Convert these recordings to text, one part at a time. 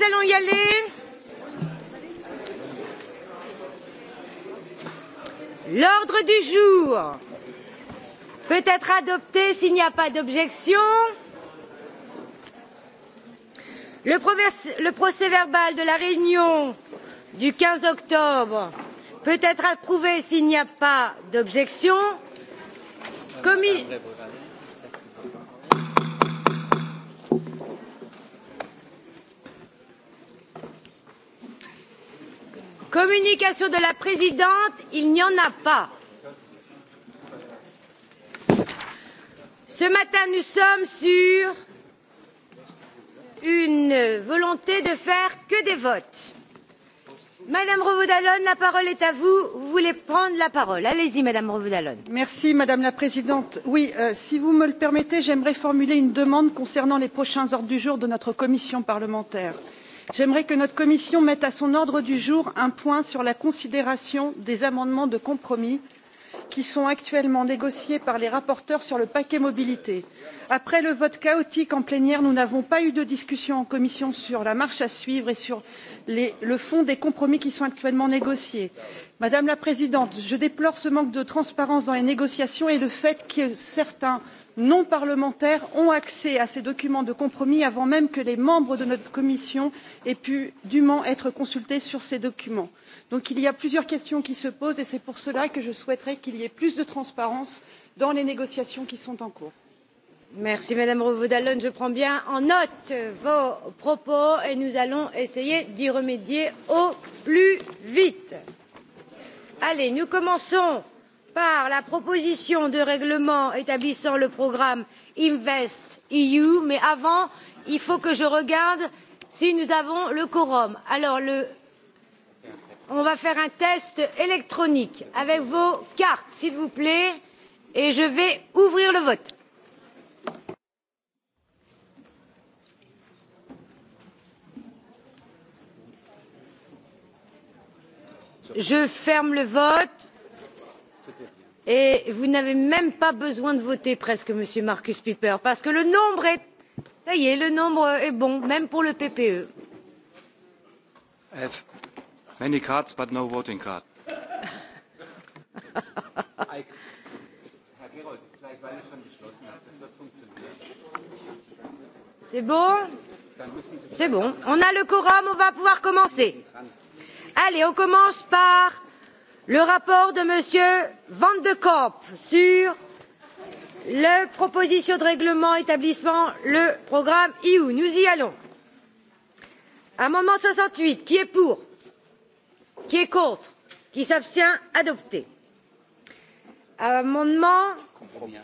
nous allons y aller. L'ordre du jour peut être adopté s'il n'y a pas d'objection. Le, le procès verbal de la réunion du 15 octobre peut être approuvé s'il n'y a pas d'objection. Commis... Communication de la présidente, il n'y en a pas. Ce matin, nous sommes sur une volonté de faire que des votes. Madame Revaud-Dallon, la parole est à vous. Vous voulez prendre la parole. Allez-y, Madame Revaud-Dallon. Merci, Madame la Présidente. Oui, euh, si vous me le permettez, j'aimerais formuler une demande concernant les prochains ordres du jour de notre commission parlementaire. Euh, j'aimerais que notre commission mette à son ordre du jour un point sur la considération des amendements de compromis qui sont actuellement négociés par les rapporteurs sur le paquet mobilité. après le vote chaotique en plénière nous n'avons pas eu de discussion en commission sur la marche à suivre et sur le fond des compromis qui sont actuellement négociés. madame la présidente je déplore ce manque de transparence dans les négociations et le fait que certains non parlementaires ont accès à ces documents de compromis avant même que les membres de notre commission aient pu dûment être consultés sur ces documents. donc il y a plusieurs questions qui se posent et c'est pour cela que je souhaiterais qu'il y ait plus de transparence dans les négociations qui sont en cours. Merci Madame Revaud Dallon. Je prends bien en note vos propos et nous allons essayer d'y remédier au plus vite. Allez, nous commençons par la proposition de règlement établissant le programme invest eu mais avant il faut que je regarde si nous avons le quorum. alors le... on va faire un test électronique avec vos cartes s'il vous plaît et je vais ouvrir le vote. je ferme le vote et vous n'avez même pas besoin de voter presque monsieur markus pieper parce que le nombre est ça y est le nombre est bon même pour le ppe. have many cards but no voting card. C'est bon C'est bon. On a le quorum, on va pouvoir commencer. Allez, on commence par le rapport de m. van de camp sur la proposition de règlement établissant le programme eu. nous y allons. amendement soixante huit qui est pour? qui est contre? qui s'abstient? adopté. amendement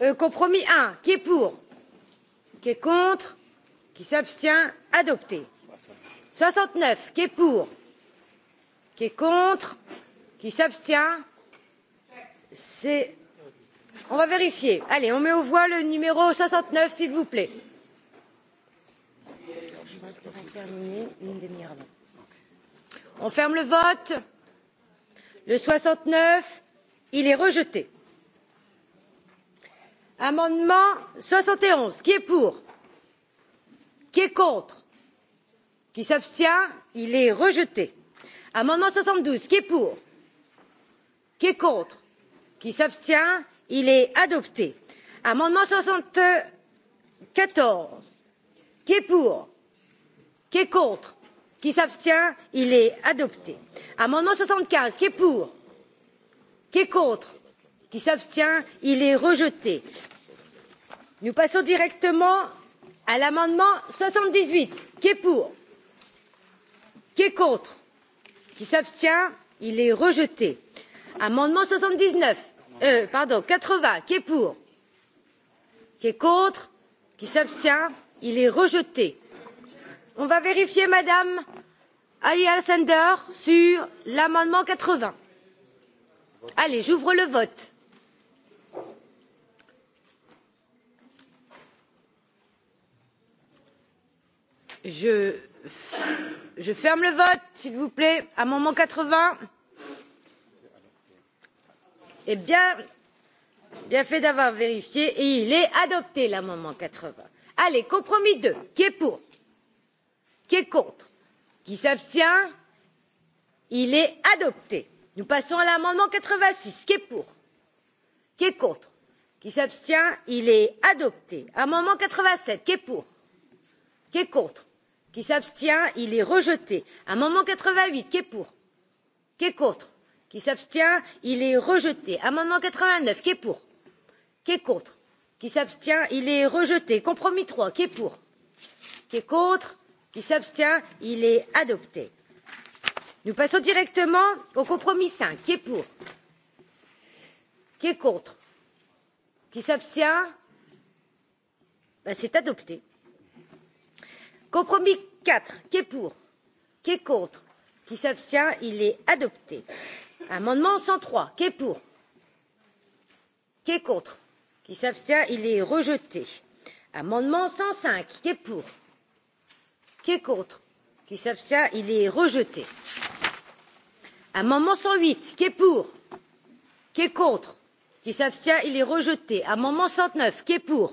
euh, compromis un qui est pour? qui est contre? qui s'abstient? adopté. soixante neuf qui est pour? qui est contre? Qui s'abstient C'est. On va vérifier. Allez, on met aux voix le numéro 69, s'il vous plaît. Je pense qu'on va terminer une demi-heure avant. On ferme le vote. Le 69, il est rejeté. Amendement 71, qui est pour Qui est contre Qui s'abstient Il est rejeté. Amendement 72, qui est pour qui est contre qui s'abstient il est adopté amendement soixante quatorze qui est pour qui est contre qui s'abstient il est adopté amendement soixante quinze qui est pour qui est contre qui s'abstient il est rejeté nous passons directement à l'amendement soixante dix huit qui est pour qui est contre qui s'abstient il est rejeté Amendement soixante 79, euh, pardon, quatre vingts qui est pour Qui est contre Qui s'abstient Il est rejeté. On va vérifier, Madame Ayala Sander, sur l'amendement quatre vingts Allez, j'ouvre le vote. Je, je ferme le vote, s'il vous plaît. Amendement 80 est eh bien, bien fait d'avoir vérifié et il est adopté l'amendement 80. Allez, compromis 2, qui est pour Qui est contre Qui s'abstient Il est adopté. Nous passons à l'amendement 86, qui est pour Qui est contre Qui s'abstient Il est adopté. Amendement 87, qui est pour Qui est contre Qui s'abstient Il est rejeté. Amendement 88, qui est pour Qui est contre qui s'abstient il est rejeté amendement quatre vingt neuf qui est pour qui est contre qui s'abstient il est rejeté compromis trois qui est pour qui est contre qui s'abstient il est adopté nous passons directement au compromis cinq qui est pour qui est contre qui s'abstient ben, c'est adopté compromis quatre qui est pour qui est contre qui s'abstient il est adopté Amendement 103, qui est pour Qui est contre Qui s'abstient Il est rejeté. Amendement 105, qui est pour Qui est contre Qui s'abstient Il est rejeté. Amendement 108, qui est pour Qui est contre Qui s'abstient Il est rejeté. Amendement 109, qui est pour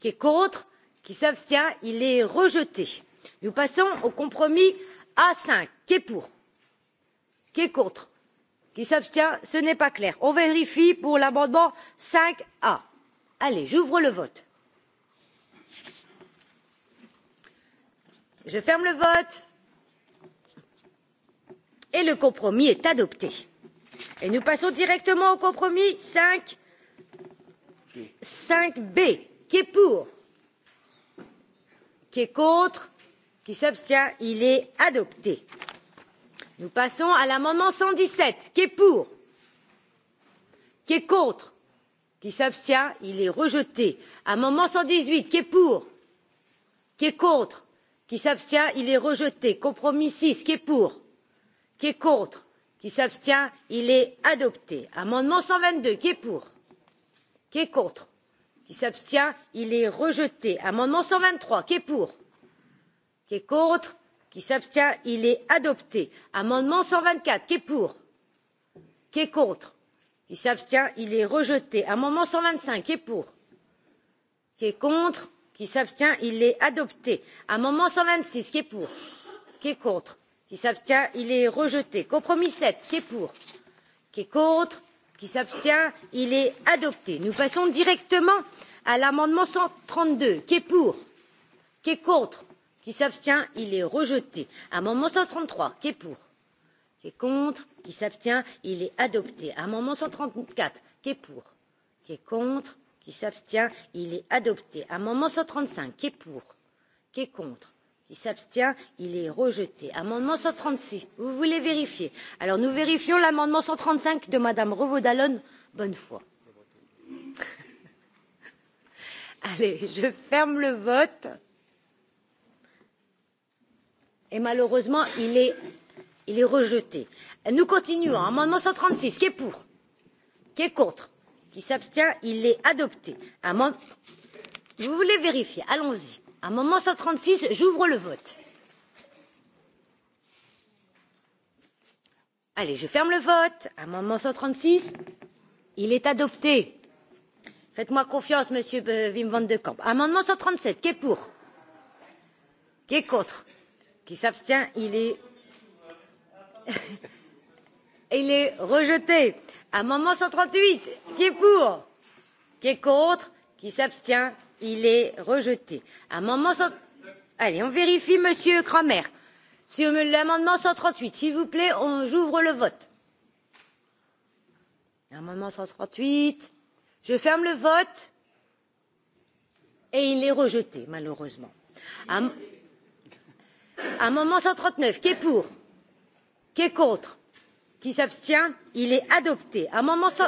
Qui est contre Qui s'abstient Il est rejeté. Nous passons au compromis A5, qui est pour Qui est contre qui s'abstient ce n'est pas clair on vérifie pour l'amendement cinq a allez j'ouvre le vote je ferme le vote et le compromis est adopté et nous passons directement au compromis cinq cinq b qui est pour qui est contre qui s'abstient il est adopté. Nous passons à l'amendement 117. Qui est pour Qui est contre Qui s'abstient Il est rejeté. Amendement 118. Qui est pour Qui est contre Qui s'abstient Il est rejeté. Compromis 6. Qui est pour Qui est contre Qui s'abstient Il est adopté. Amendement 122. Qui est pour Qui est contre Qui s'abstient Il est rejeté. Amendement 123. Qui est pour Qui est contre qui s'abstient il est adopté amendement cent vingt quatre qui est pour qui est contre qui s'abstient il est rejeté amendement cent vingt cinq qui est pour qui est contre qui s'abstient il est adopté amendement cent vingt six qui est pour qui est contre qui s'abstient il est rejeté compromis sept qui est pour qui est contre qui s'abstient il est adopté nous passons directement à l'amendement cent trente deux qui est pour qui est contre qui s'abstient il est rejeté amendement cent trente 133, qui est pour qui est contre qui s'abstient il est adopté amendement cent trente 134, qui est pour qui est contre qui s'abstient il est adopté amendement cent trente 135, qui est pour qui est contre qui s'abstient il est rejeté amendement cent trente 136. vous voulez vérifier alors nous vérifions l'amendement 135 de madame revaud d'allonne bonne foi allez je ferme le vote et malheureusement il est, il est rejeté. Nous continuons. Amendement 136, qui est pour Qui est contre Qui s'abstient Il est adopté. Amend... Vous voulez vérifier Allons-y. Amendement 136, j'ouvre le vote. Allez, je ferme le vote. Amendement 136, il est adopté. Faites-moi confiance, monsieur euh, Wim van de Kamp. Amendement 137, qui est pour Qui est contre qui s'abstient il est il est rejeté amendement cent trente huit qui est pour qui est contre qui s'abstient il est rejeté amendement cent allez on vérifie monsieur Kramer sur l'amendement cent trente huit s'il vous plaît on j'ouvre le vote amendement cent trente huit je ferme le vote et il est rejeté malheureusement Am amendement cent trente neuf qui est pour qui est contre qui s'abstient il est adopté amendement cent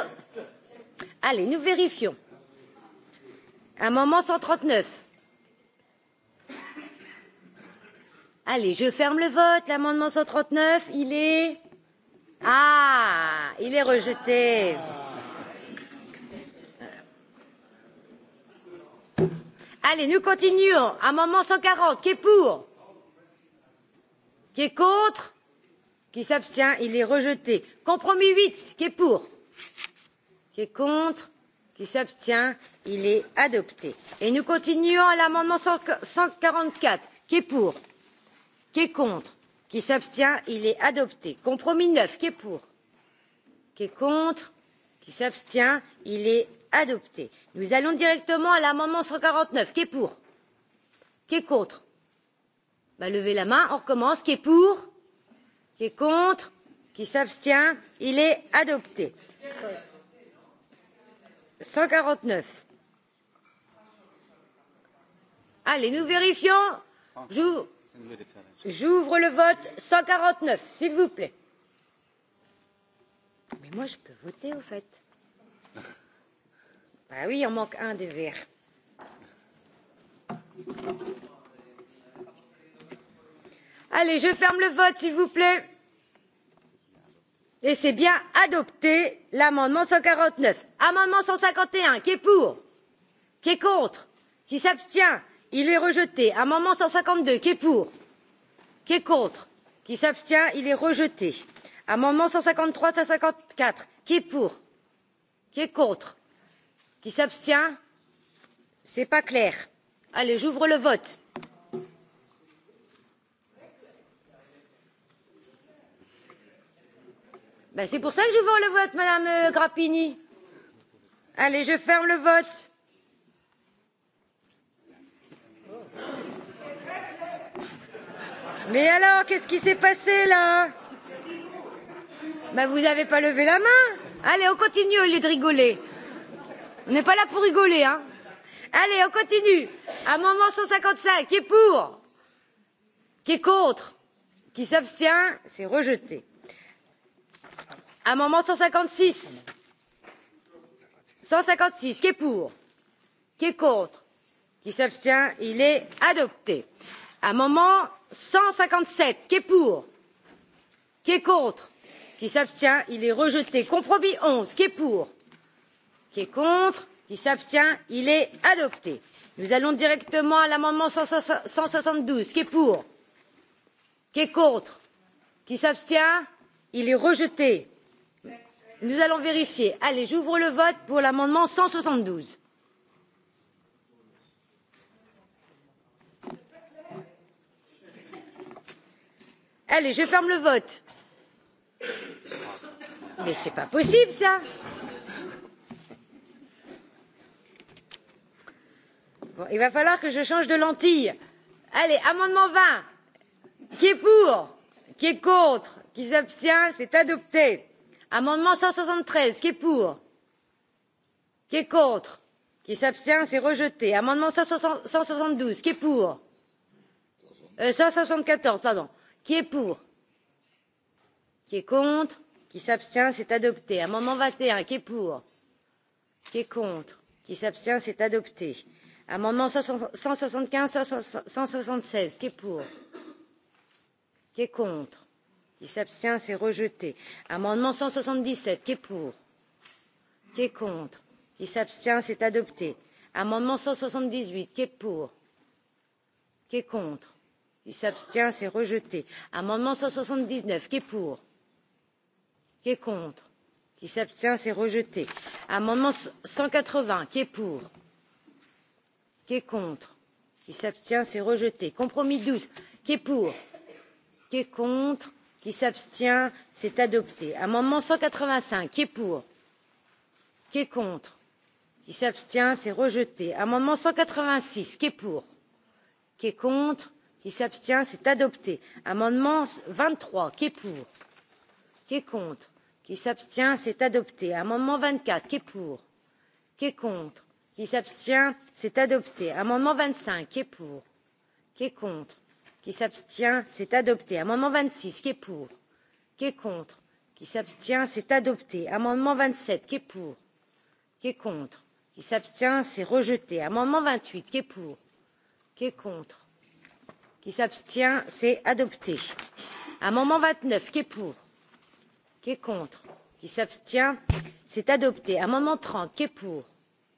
allez nous vérifions amendement cent allez je ferme le vote l'amendement cent trente neuf il est ah il est rejeté allez nous continuons amendement cent quarante qui est pour qui est contre, qui s'abstient, il est rejeté. Compromis 8, qui est pour, qui est contre, qui s'abstient, il est adopté. Et nous continuons à l'amendement 144, qui est pour, qui est contre, qui s'abstient, il est adopté. Compromis 9, qui est pour, qui est contre, qui s'abstient, il est adopté. Nous allons directement à l'amendement 149, qui est pour, qui est contre, bah, Levez la main, on recommence. Qui est pour Qui est contre Qui s'abstient Il est adopté. 149. Allez, nous vérifions. J'ouvre le vote 149, s'il vous plaît. Mais moi, je peux voter, au fait. Bah oui, il en manque un des verts. Thank you. Allez, je ferme le vote, s'il vous plaît. Et c'est bien adopté l'amendement 149. Amendement 151, qui est pour Qui est contre Qui s'abstient Il est rejeté. Amendement 152, qui est pour Qui est contre Qui s'abstient Il est rejeté. Amendement 153, 154, qui est pour Qui est contre Qui s'abstient C'est pas clair. Allez, j'ouvre le vote. Ben, c'est pour ça que je vais le vote, Madame euh, Grappini. Allez, je ferme le vote. Mais alors, qu'est-ce qui s'est passé là Ben vous n'avez pas levé la main. Allez, on continue au lieu de rigoler. On n'est pas là pour rigoler, hein. Allez, on continue. Amendement 155, qui est pour Qui est contre Qui s'abstient C'est rejeté amendement cent cinquante six cent cinquante six qui est pour qui est contre qui s'abstient il est adopté amendement cent cinquante sept qui est pour qui est contre qui s'abstient il est rejeté compromis onze qui est pour qui est contre qui s'abstient il est adopté nous allons directement à l'amendement cent soixante douze qui est pour qui est contre qui s'abstient il est rejeté nous allons vérifier. allez j'ouvre le vote pour l'amendement cent soixante douze allez je ferme le vote mais c'est pas possible ça bon, il va falloir que je change de lentille allez amendement vingt qui est pour qui est contre qui s'abstient c'est adopté amendement cent soixante treize qui est pour qui est contre qui s'abstient c'est rejeté amendement cent soixante douze qui est pour euh, cent soixante quatorze pardon qui est pour qui est contre qui s'abstient c'est adopté amendement vingt et un qui est pour qui est contre qui s'abstient c'est adopté amendement cent soixante quinze cent soixante seize qui est pour qui est contre qui s'abstient c'est rejeté amendement cent soixante dix sept qui est pour qui est contre qui s'abstient c'est adopté amendement cent soixante dix huit qui est pour qui est contre qui s'abstient c'est rejeté amendement cent soixante dix neuf qui est pour qui est contre qui s'abstient c'est rejeté amendement cent quatre vingts qui est pour qui est contre qui s'abstient c'est rejeté compromis douze qui est pour qui est contre qui s'abstient c'est adopté amendement cent quatre vingt cinq qui est pour qui est contre qui s'abstient c'est rejeté amendement cent quatre vingt six qui est pour qui est contre qui s'abstient c'est adopté amendement vingt trois qui est pour qui est contre qui s'abstient c'est adopté amendement vingt quatre qui est pour qui est contre qui s'abstient c'est adopté amendement vingt cinq qui est pour qui est contre qui s'abstient c'est adopté amendement vingt six qui est pour qui est contre qui s'abstient c'est adopté amendement vingt sept qui est pour qui est contre qui s'abstient c'est rejeté amendement vingt huit qui est pour qui est contre qui s'abstient c'est adopté amendement vingt neuf qui est pour qui est contre qui s'abstient c'est adopté amendement trente qui est pour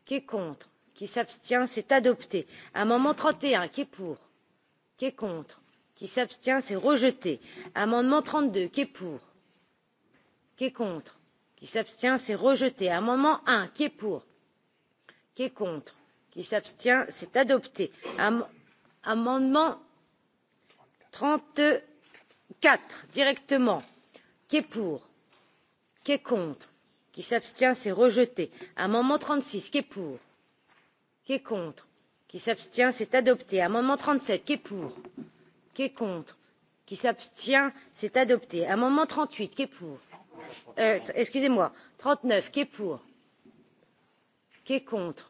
qui est contre qui s'abstient c'est adopté amendement trente et un qui est pour qui est contre, qui s'abstient, c'est rejeté. Amendement 32, qui est pour, qui est contre, qui s'abstient, c'est rejeté. Amendement 1, qui est pour, qui est contre, qui s'abstient, c'est adopté. Am amendement 34, directement, qui est pour, qui est contre, qui s'abstient, c'est rejeté. Amendement 36, qui est pour, qui est contre, qui s'abstient c'est adopté amendement 37, qui est pour qui est contre qui s'abstient c'est adopté amendement 38, qui est pour euh, excusez moi 39, qui est pour qui est contre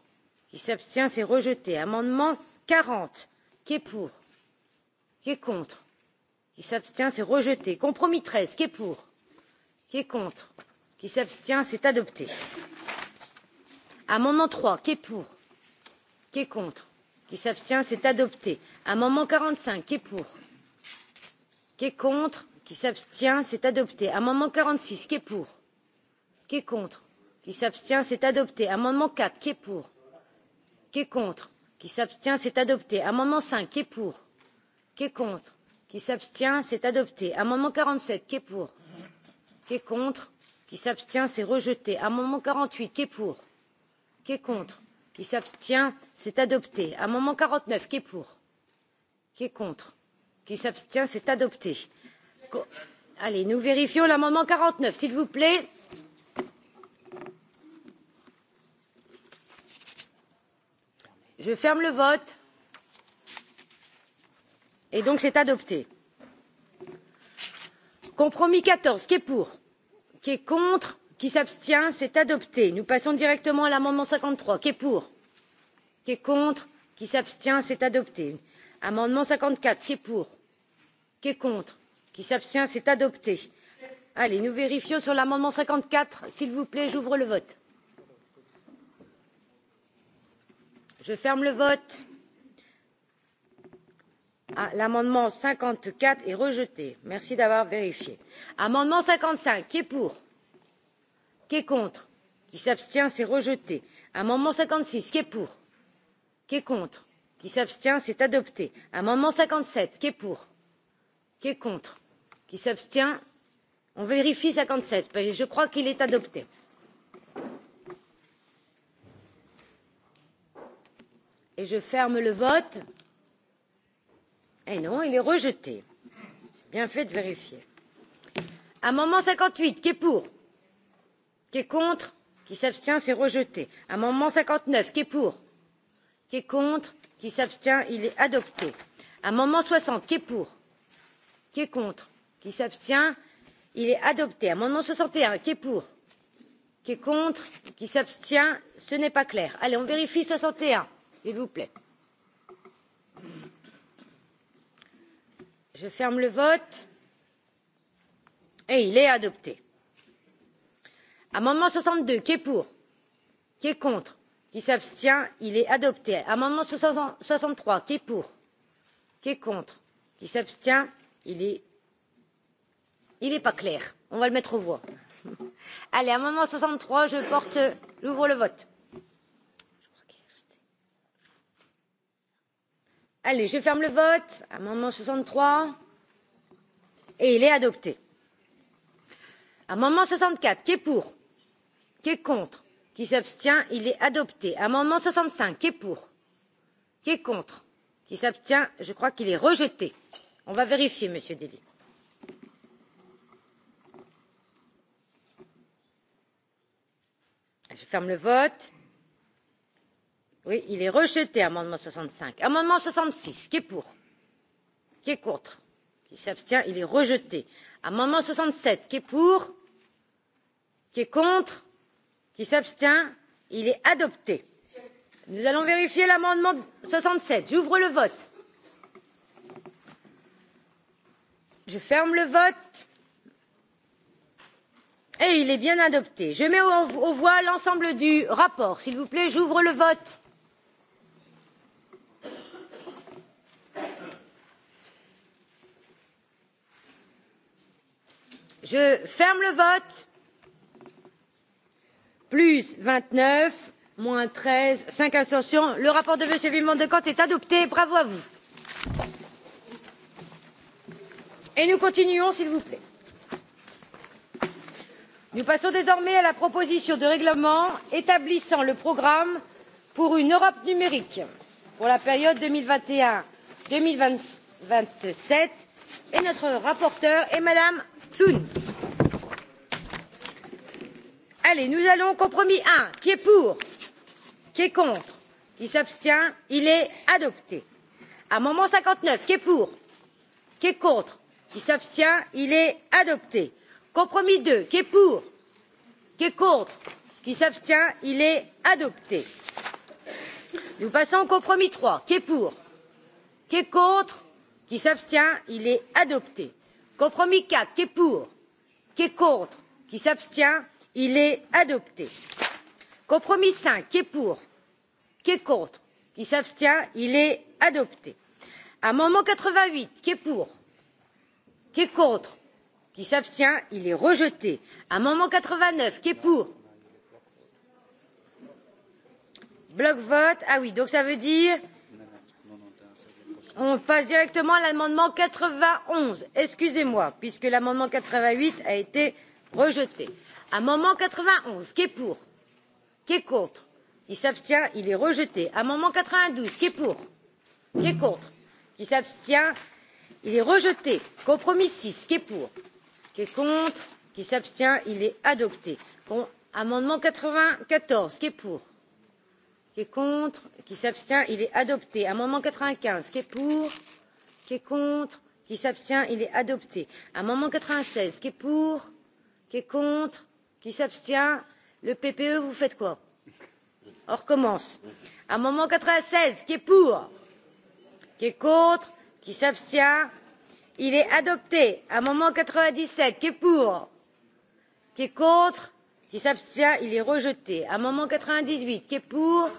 qui s'abstient c'est rejeté amendement 40, qui est pour qui est contre qui s'abstient c'est rejeté compromis 13, qui est pour qui est contre qui s'abstient c'est adopté amendement 3, qui est pour qui est contre qui s'abstient c'est adopté amendement 45, qui est pour qui est contre qui s'abstient c'est adopté amendement 46, qui est pour qui est contre qui s'abstient c'est adopté amendement 4, qui est pour qui est contre qui s'abstient c'est adopté amendement 5, qui est pour qui est contre qui s'abstient c'est adopté amendement 47, qui est pour qui est contre qui s'abstient c'est rejeté amendement 48, qui est pour qui est contre qui s'abstient c'est adopté amendement quarante neuf qui est pour qui est contre qui s'abstient c'est adopté Co allez nous vérifions l'amendement quarante neuf s'il vous plaît je ferme le vote et donc c'est adopté compromis quatorze qui est pour qui est contre qui s'abstient c'est adopté nous passons directement à l'amendement cinquante trois qui est pour qui est contre qui s'abstient c'est adopté amendement cinquante quatre qui est pour qui est contre qui s'abstient c'est adopté allez nous vérifions sur l'amendement cinquante quatre s'il vous plaît j'ouvre le vote je ferme le vote ah, l'amendement cinquante quatre est rejeté merci d'avoir vérifié amendement cinquante cinq qui est pour qui est contre qui s'abstient c'est rejeté amendement cinquante six qui est pour qui est contre qui s'abstient c'est adopté amendement cinquante sept qui est pour qui est contre qui s'abstient on vérifie cinquante sept je crois qu'il est adopté et je ferme le vote et eh non il est rejeté bien fait de vérifier amendement cinquante huit qui est pour qui est contre qui s'abstient c'est rejeté amendement cinquante neuf qui est pour qui est contre qui s'abstient il est adopté amendement soixante qui est pour qui est contre qui s'abstient il est adopté amendement soixante et un qui est pour qui est contre qui s'abstient ce n'est pas clair allez on vérifie soixante et un s'il vous plaît je ferme le vote et il est adopté Amendement 62, qui est pour Qui est contre Qui s'abstient Il est adopté. Amendement 63, qui est pour Qui est contre Qui s'abstient Il est... Il n'est pas clair. On va le mettre aux voix. Allez, amendement 63, je porte... J'ouvre le vote. Allez, je ferme le vote. Amendement 63. Et il est adopté. Amendement 64, qui est pour qui est contre qui s'abstient il est adopté amendement soixante cinq qui est pour qui est contre qui s'abstient je crois qu'il est rejeté on va vérifier monsieur Dely. je ferme le vote oui il est rejeté amendement soixante cinq amendement soixante six qui est pour qui est contre qui s'abstient il est rejeté amendement soixante sept qui est pour qui est contre qui s'abstient il est adopté. nous allons vérifier l'amendement soixante sept j'ouvre le vote je ferme le vote et il est bien adopté. je mets aux voix l'ensemble du rapport s'il vous plaît j'ouvre le vote. je ferme le vote plus vingt neuf moins treize cinq abstentions le rapport de m. wim de est adopté bravo à vous et nous continuons s'il vous plaît. nous passons désormais à la proposition de règlement établissant le programme pour une europe numérique pour la période deux mille vingt et un deux mille vingt sept et notre rapporteure est mme kluun. Allez, nous allons au compromis 1. Qui est pour Qui est contre Qui s'abstient Il est adopté. Amendement 59. Qui est pour Qui est contre Qui s'abstient Il est adopté. Compromis 2. Qui est pour Qui est contre Qui s'abstient Il est adopté. Nous passons au compromis 3. Qui est pour Qui est contre Qui s'abstient Il est adopté. Compromis 4. Qui est pour Qui est contre Qui s'abstient il est adopté. compromis cinq qui est pour qui est contre qui s'abstient il est adopté. amendement quatre vingt huit qui est pour qui est contre qui s'abstient il est rejeté. amendement quatre vingt neuf qui est pour bloc vote ah oui donc ça veut dire on passe directement à l'amendement quatre vingt onze excusez moi puisque l'amendement quatre vingt huit a été rejeté Amendement 91, qui est pour Qui est contre Qui s'abstient Il est rejeté. Amendement 92, qui est pour Qui est contre Qui s'abstient Il est rejeté. Compromis 6, qui est pour Qui est contre Qui s'abstient Il est adopté. Bon, amendement 94, qui est pour Qui est contre Qui s'abstient Il est adopté. Amendement 95, qui est pour Qui est contre Qui s'abstient Il est adopté. Amendement 96, qui est pour Qui est contre qui s'abstient le ppe vous faites quoi? on recommence amendement quatre vingt seize qui est pour qui est contre qui s'abstient il est adopté amendement quatre vingt dix qui est pour qui est contre qui s'abstient il est rejeté amendement quatre vingt dix qui est pour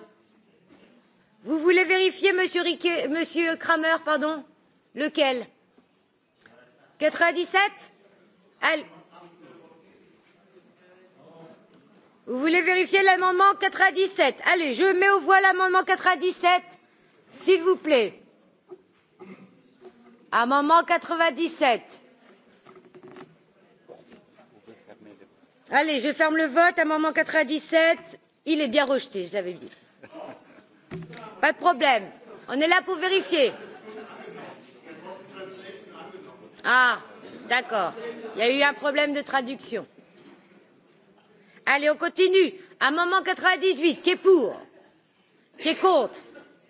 vous voulez vérifier monsieur, Rique... monsieur kramer pardon lequel 97 Allez. Vous voulez vérifier l'amendement 97 Allez, je mets aux voix l'amendement 97, s'il vous plaît. Amendement 97. Allez, je ferme le vote. Amendement 97, il est bien rejeté, je l'avais dit. Pas de problème. On est là pour vérifier. Ah, d'accord. Il y a eu un problème de traduction. Allez, on continue. Amendement 98, qui est pour Qui est contre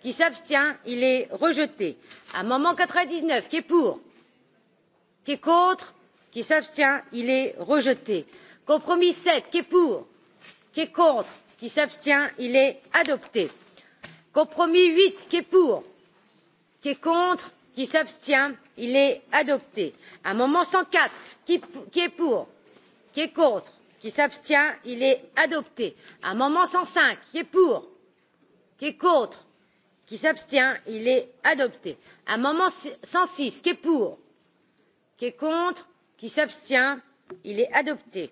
Qui s'abstient Il est rejeté. Amendement 99, qui est pour Qui est contre Qui s'abstient Il est rejeté. Compromis 7, qui est pour Qui est contre Qui s'abstient Il est adopté. Compromis 8, qui est pour Qui est contre Qui s'abstient Il est adopté. Amendement 104, qui, qui est pour Qui est contre qui s'abstient il est adopté amendement cent cinq qui est pour qui est contre qui s'abstient il est adopté amendement cent six qui est pour qui est contre qui s'abstient il est adopté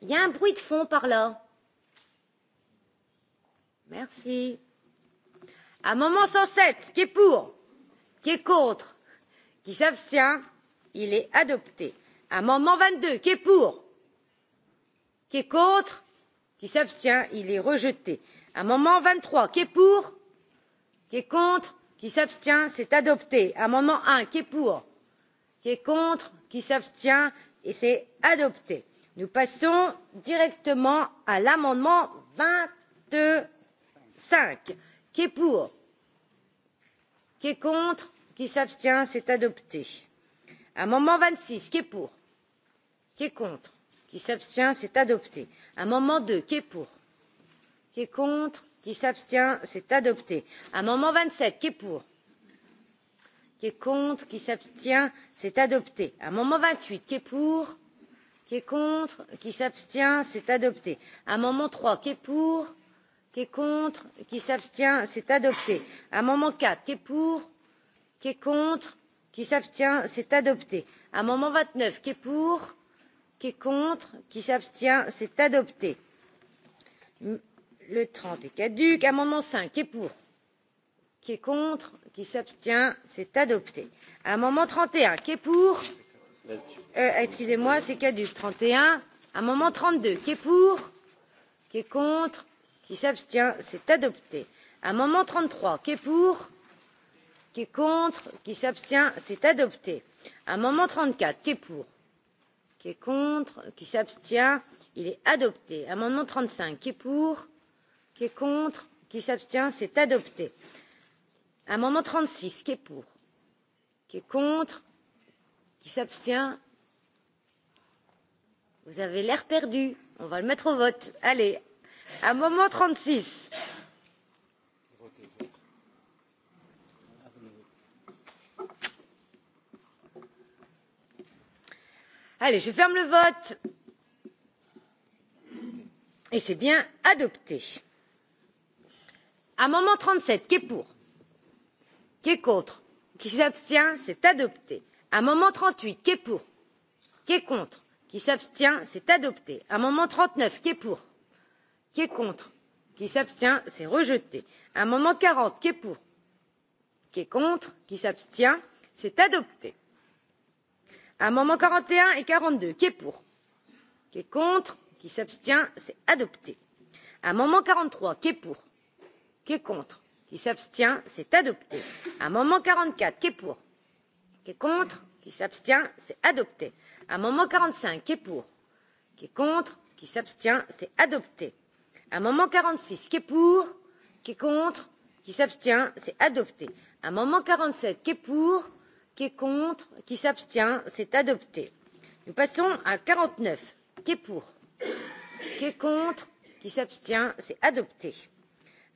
il y a un bruit de fond par là merci amendement cent sept qui est pour qui est contre qui s'abstient il est adopté amendement vingt deux qui est pour qui est contre qui s'abstient il est rejeté amendement vingt trois qui est pour qui est contre qui s'abstient c'est adopté amendement un qui est pour qui est contre qui s'abstient et c'est adopté nous passons directement à l'amendement vingt cinq qui est pour qui est contre qui s'abstient c'est adopté amendement vingt six qui est pour qui est contre qui s'abstient c'est adopté amendement deux qui est pour qui est contre qui s'abstient c'est adopté amendement vingt sept qui est pour qui est contre qui s'abstient c'est adopté amendement vingt huit qui est pour qui est contre qui s'abstient c'est adopté amendement trois qui est pour qui est contre qui s'abstient c'est adopté amendement quatre qui est pour qui est contre qui s'abstient c'est adopté amendement vingt neuf qui est pour qui est contre, qui s'abstient, c'est adopté. Le 30 est caduc. Amendement 5, qui est pour, qui est contre, qui s'abstient, c'est adopté. Amendement 31, qui est pour, euh, excusez-moi, c'est caduc. 31, amendement 32, qui est pour, qui est contre, qui s'abstient, c'est adopté. Amendement 33, qui est pour, qui est contre, qui s'abstient, c'est adopté. Amendement 34, qui est pour, qui est contre, qui s'abstient, il est adopté. Amendement 35, qui est pour, qui est contre, qui s'abstient, c'est adopté. Amendement 36, qui est pour, qui est contre, qui s'abstient. Vous avez l'air perdu. On va le mettre au vote. Allez, amendement 36. Allez, je ferme le vote. Et c'est bien adopté. Amendement 37, qui est pour Qui est contre Qui s'abstient C'est adopté. Amendement 38, qui est pour Qui est contre Qui s'abstient C'est adopté. Amendement 39, qui est pour Qui est contre Qui s'abstient C'est rejeté. Amendement 40, qui est pour Qui est contre Qui s'abstient C'est adopté amendements quarante et un et quarante deux qui est pour qui est contre qui s'abstient c'est adopté amendement quarante trois qui est pour qui est contre qui s'abstient c'est adopté amendement quarante quatre qui est pour qui est contre qui s'abstient c'est adopté amendement quarante cinq qui est pour qui est contre qui s'abstient c'est adopté amendement quarante six qui est pour qui est contre qui s'abstient c'est adopté amendement quarante sept qui est pour qui est contre, qui s'abstient, c'est adopté. Nous passons à 49, qui est pour, qui est contre, qui s'abstient, c'est adopté.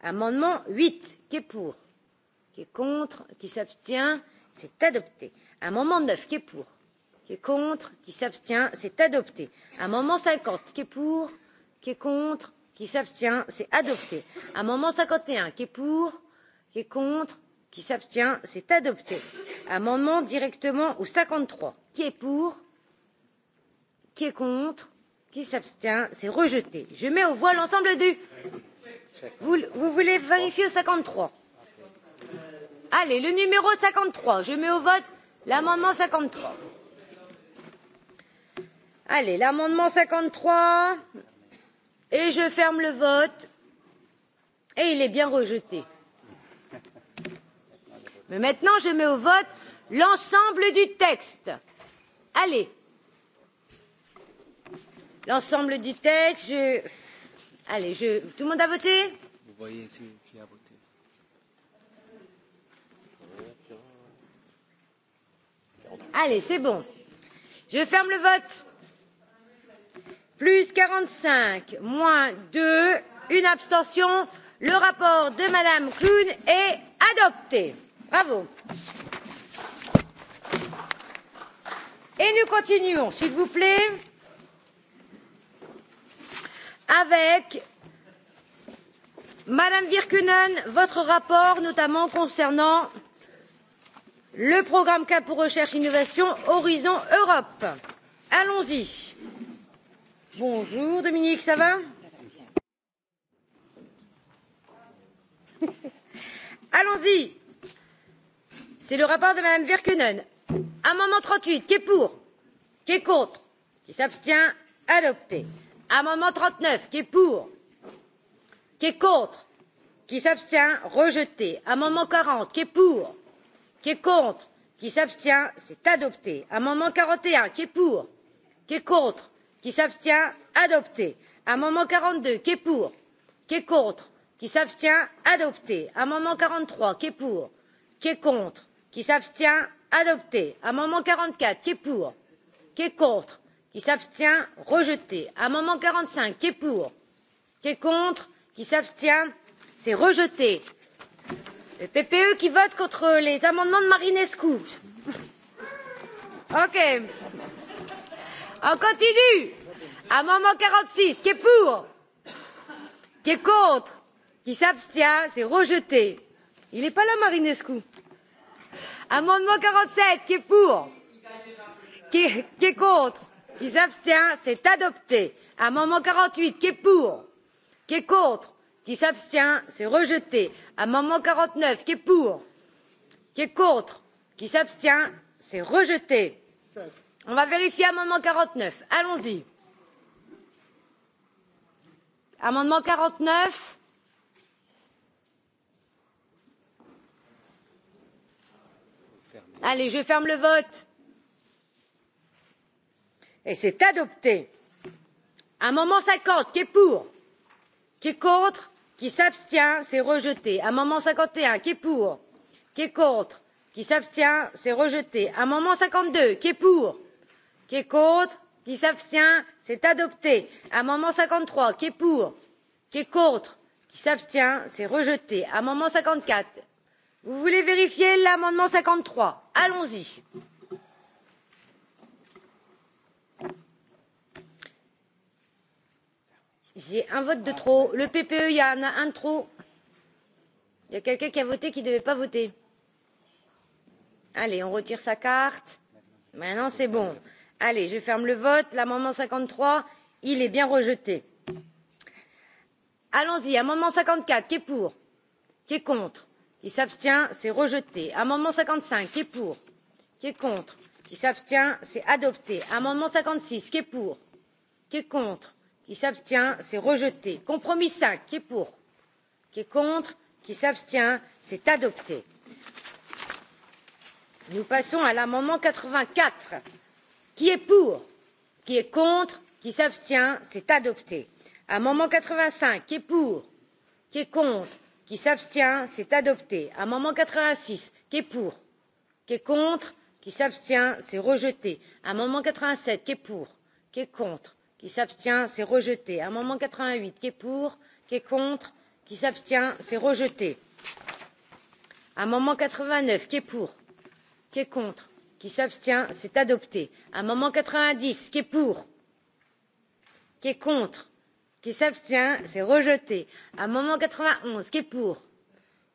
Amendement 8, qui est pour, qui est contre, qui s'abstient, c'est adopté. Amendement 9, qui est pour, qui est contre, qui s'abstient, c'est adopté. Amendement 50, qui est pour, qui est contre, qui s'abstient, c'est adopté. Amendement 51, qui est pour, qui est contre, qui s'abstient c'est adopté amendement directement au 53. qui est pour qui est contre qui s'abstient c'est rejeté je mets au voile l'ensemble du vous, vous voulez vérifier au 53 allez le numéro 53. je mets au vote l'amendement 53. allez l'amendement 53. et je ferme le vote et il est bien rejeté. Mais maintenant, je mets au vote l'ensemble du texte. Allez. L'ensemble du texte, je... Allez, je... Tout le monde a voté Vous voyez ici qui a voté. Allez, c'est bon. Je ferme le vote. Plus 45, moins 2, une abstention. Le rapport de Madame Clune est adopté. Bravo. Et nous continuons, s'il vous plaît, avec Madame Virkunen, votre rapport, notamment concernant le programme cap pour recherche et innovation horizon europe. allons y. bonjour dominique ça va? allons y c'est le rapport de mme virkkunen amendement trente huit qui est pour qui est contre qui s'abstient adopté amendement trente neuf qui est pour qui est contre qui s'abstient rejeté amendement quarante qui est pour qui est contre qui s'abstient c'est adopté amendement quarante et un qui est pour qui est contre qui s'abstient adopté amendement quarante deux qui est pour qui est contre qui s'abstient adopté amendement quarante trois qui est pour qui est contre qui s'abstient adopté amendement quarante quatre qui est pour qui est contre qui s'abstient rejeté amendement quarante cinq qui est pour qui est contre qui s'abstient c'est rejeté le ppe qui vote contre les amendements de marinescu ok on continue amendement quarante six qui est pour qui est contre qui s'abstient c'est rejeté il n'est pas là marinescu Amendement 47, qui est pour qui est, qui est contre Qui s'abstient C'est adopté. Amendement 48, qui est pour Qui est contre Qui s'abstient C'est rejeté. Amendement 49, qui est pour Qui est contre Qui s'abstient C'est rejeté. On va vérifier amendement 49. Allons-y. Amendement 49. allez je ferme le vote et c'est adopté amendement cinquante qui est pour qui est contre qui s'abstient c'est rejeté amendement cinquante et un qui est pour qui est contre qui s'abstient c'est rejeté amendement cinquante deux qui est pour qui est contre qui s'abstient c'est adopté amendement cinquante trois qui est pour qui est contre qui s'abstient c'est rejeté amendement cinquante quatre Vous voulez vérifier l'amendement 53 Allons-y. J'ai un vote de trop. Le PPE, il y en a un de trop. Il y a quelqu'un qui a voté qui ne devait pas voter. Allez, on retire sa carte. Maintenant, c'est bon. Allez, je ferme le vote. L'amendement 53, il est bien rejeté. Allons-y, amendement 54, qui est pour Qui est contre qui s'abstient c'est rejeté amendement cinquante cinq qui est pour qui est contre qui s'abstient c'est adopté amendement cinquante six qui est pour qui est contre qui s'abstient c'est rejeté compromis cinq qui est pour qui est contre qui s'abstient c'est adopté nous passons à l'amendement quatre vingt quatre qui est pour qui est contre qui s'abstient c'est adopté amendement quatre vingt cinq qui est pour qui est contre qui s'abstient c'est adopté amendement quatre vingt six qui est pour qui est contre qui s'abstient c'est rejeté amendement quatre vingt sept qui est pour qui est contre qui s'abstient c'est rejeté amendement quatre vingt huit qui est pour qui est contre qui s'abstient c'est rejeté amendement quatre vingt neuf qui est pour qui est contre qui s'abstient c'est adopté amendement quatre vingt dix qui est pour qui est contre qui s'abstient c'est rejeté amendement 91, qui est pour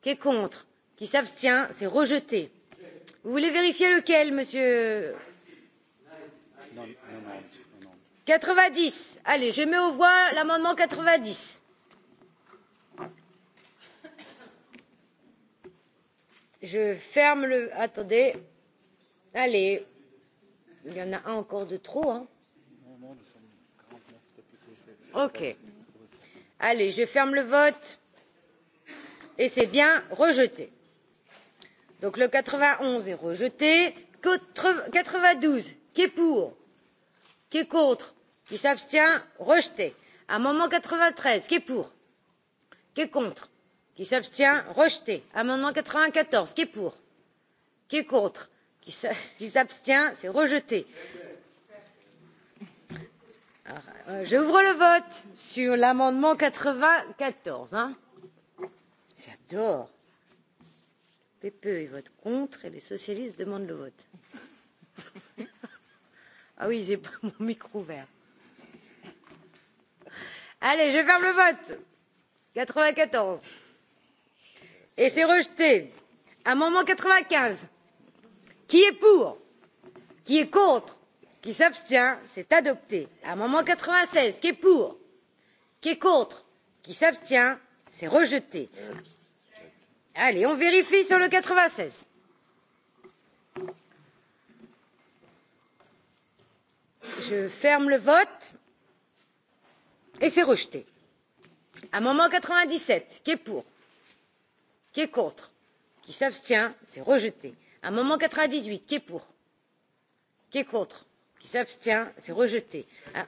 qui est contre qui s'abstient c'est rejeté vous voulez vérifier lequel monsieur 90. allez je mets aux voix l'amendement 90. je ferme le attendez allez il y en a un encore de trop hein. OK. Allez, je ferme le vote. Et c'est bien rejeté. Donc le 91 est rejeté. 92, qui est pour Qui est contre Qui s'abstient Rejeté. Amendement 93, qui est pour Qui est contre Qui s'abstient Rejeté. Amendement 94, qui est pour Qui est contre Qui s'abstient C'est rejeté. Alors, euh, j'ouvre le vote sur l'amendement 94. J'adore. PPE, ils votent contre et les socialistes demandent le vote. ah oui, j'ai pas mon micro ouvert. Allez, je ferme le vote. 94. Et c'est rejeté. Amendement 95. Qui est pour Qui est contre qui s'abstient c'est adopté amendement quatre vingt seize qui est pour qui est contre qui s'abstient c'est rejeté allez on vérifie sur le quatre vingt seize je ferme le vote et c'est rejeté amendement quatre vingt dix sept qui est pour qui est contre qui s'abstient c'est rejeté amendement quatre vingt dix huit qui est pour qui est contre qui s'abstient c'est rejeté ah.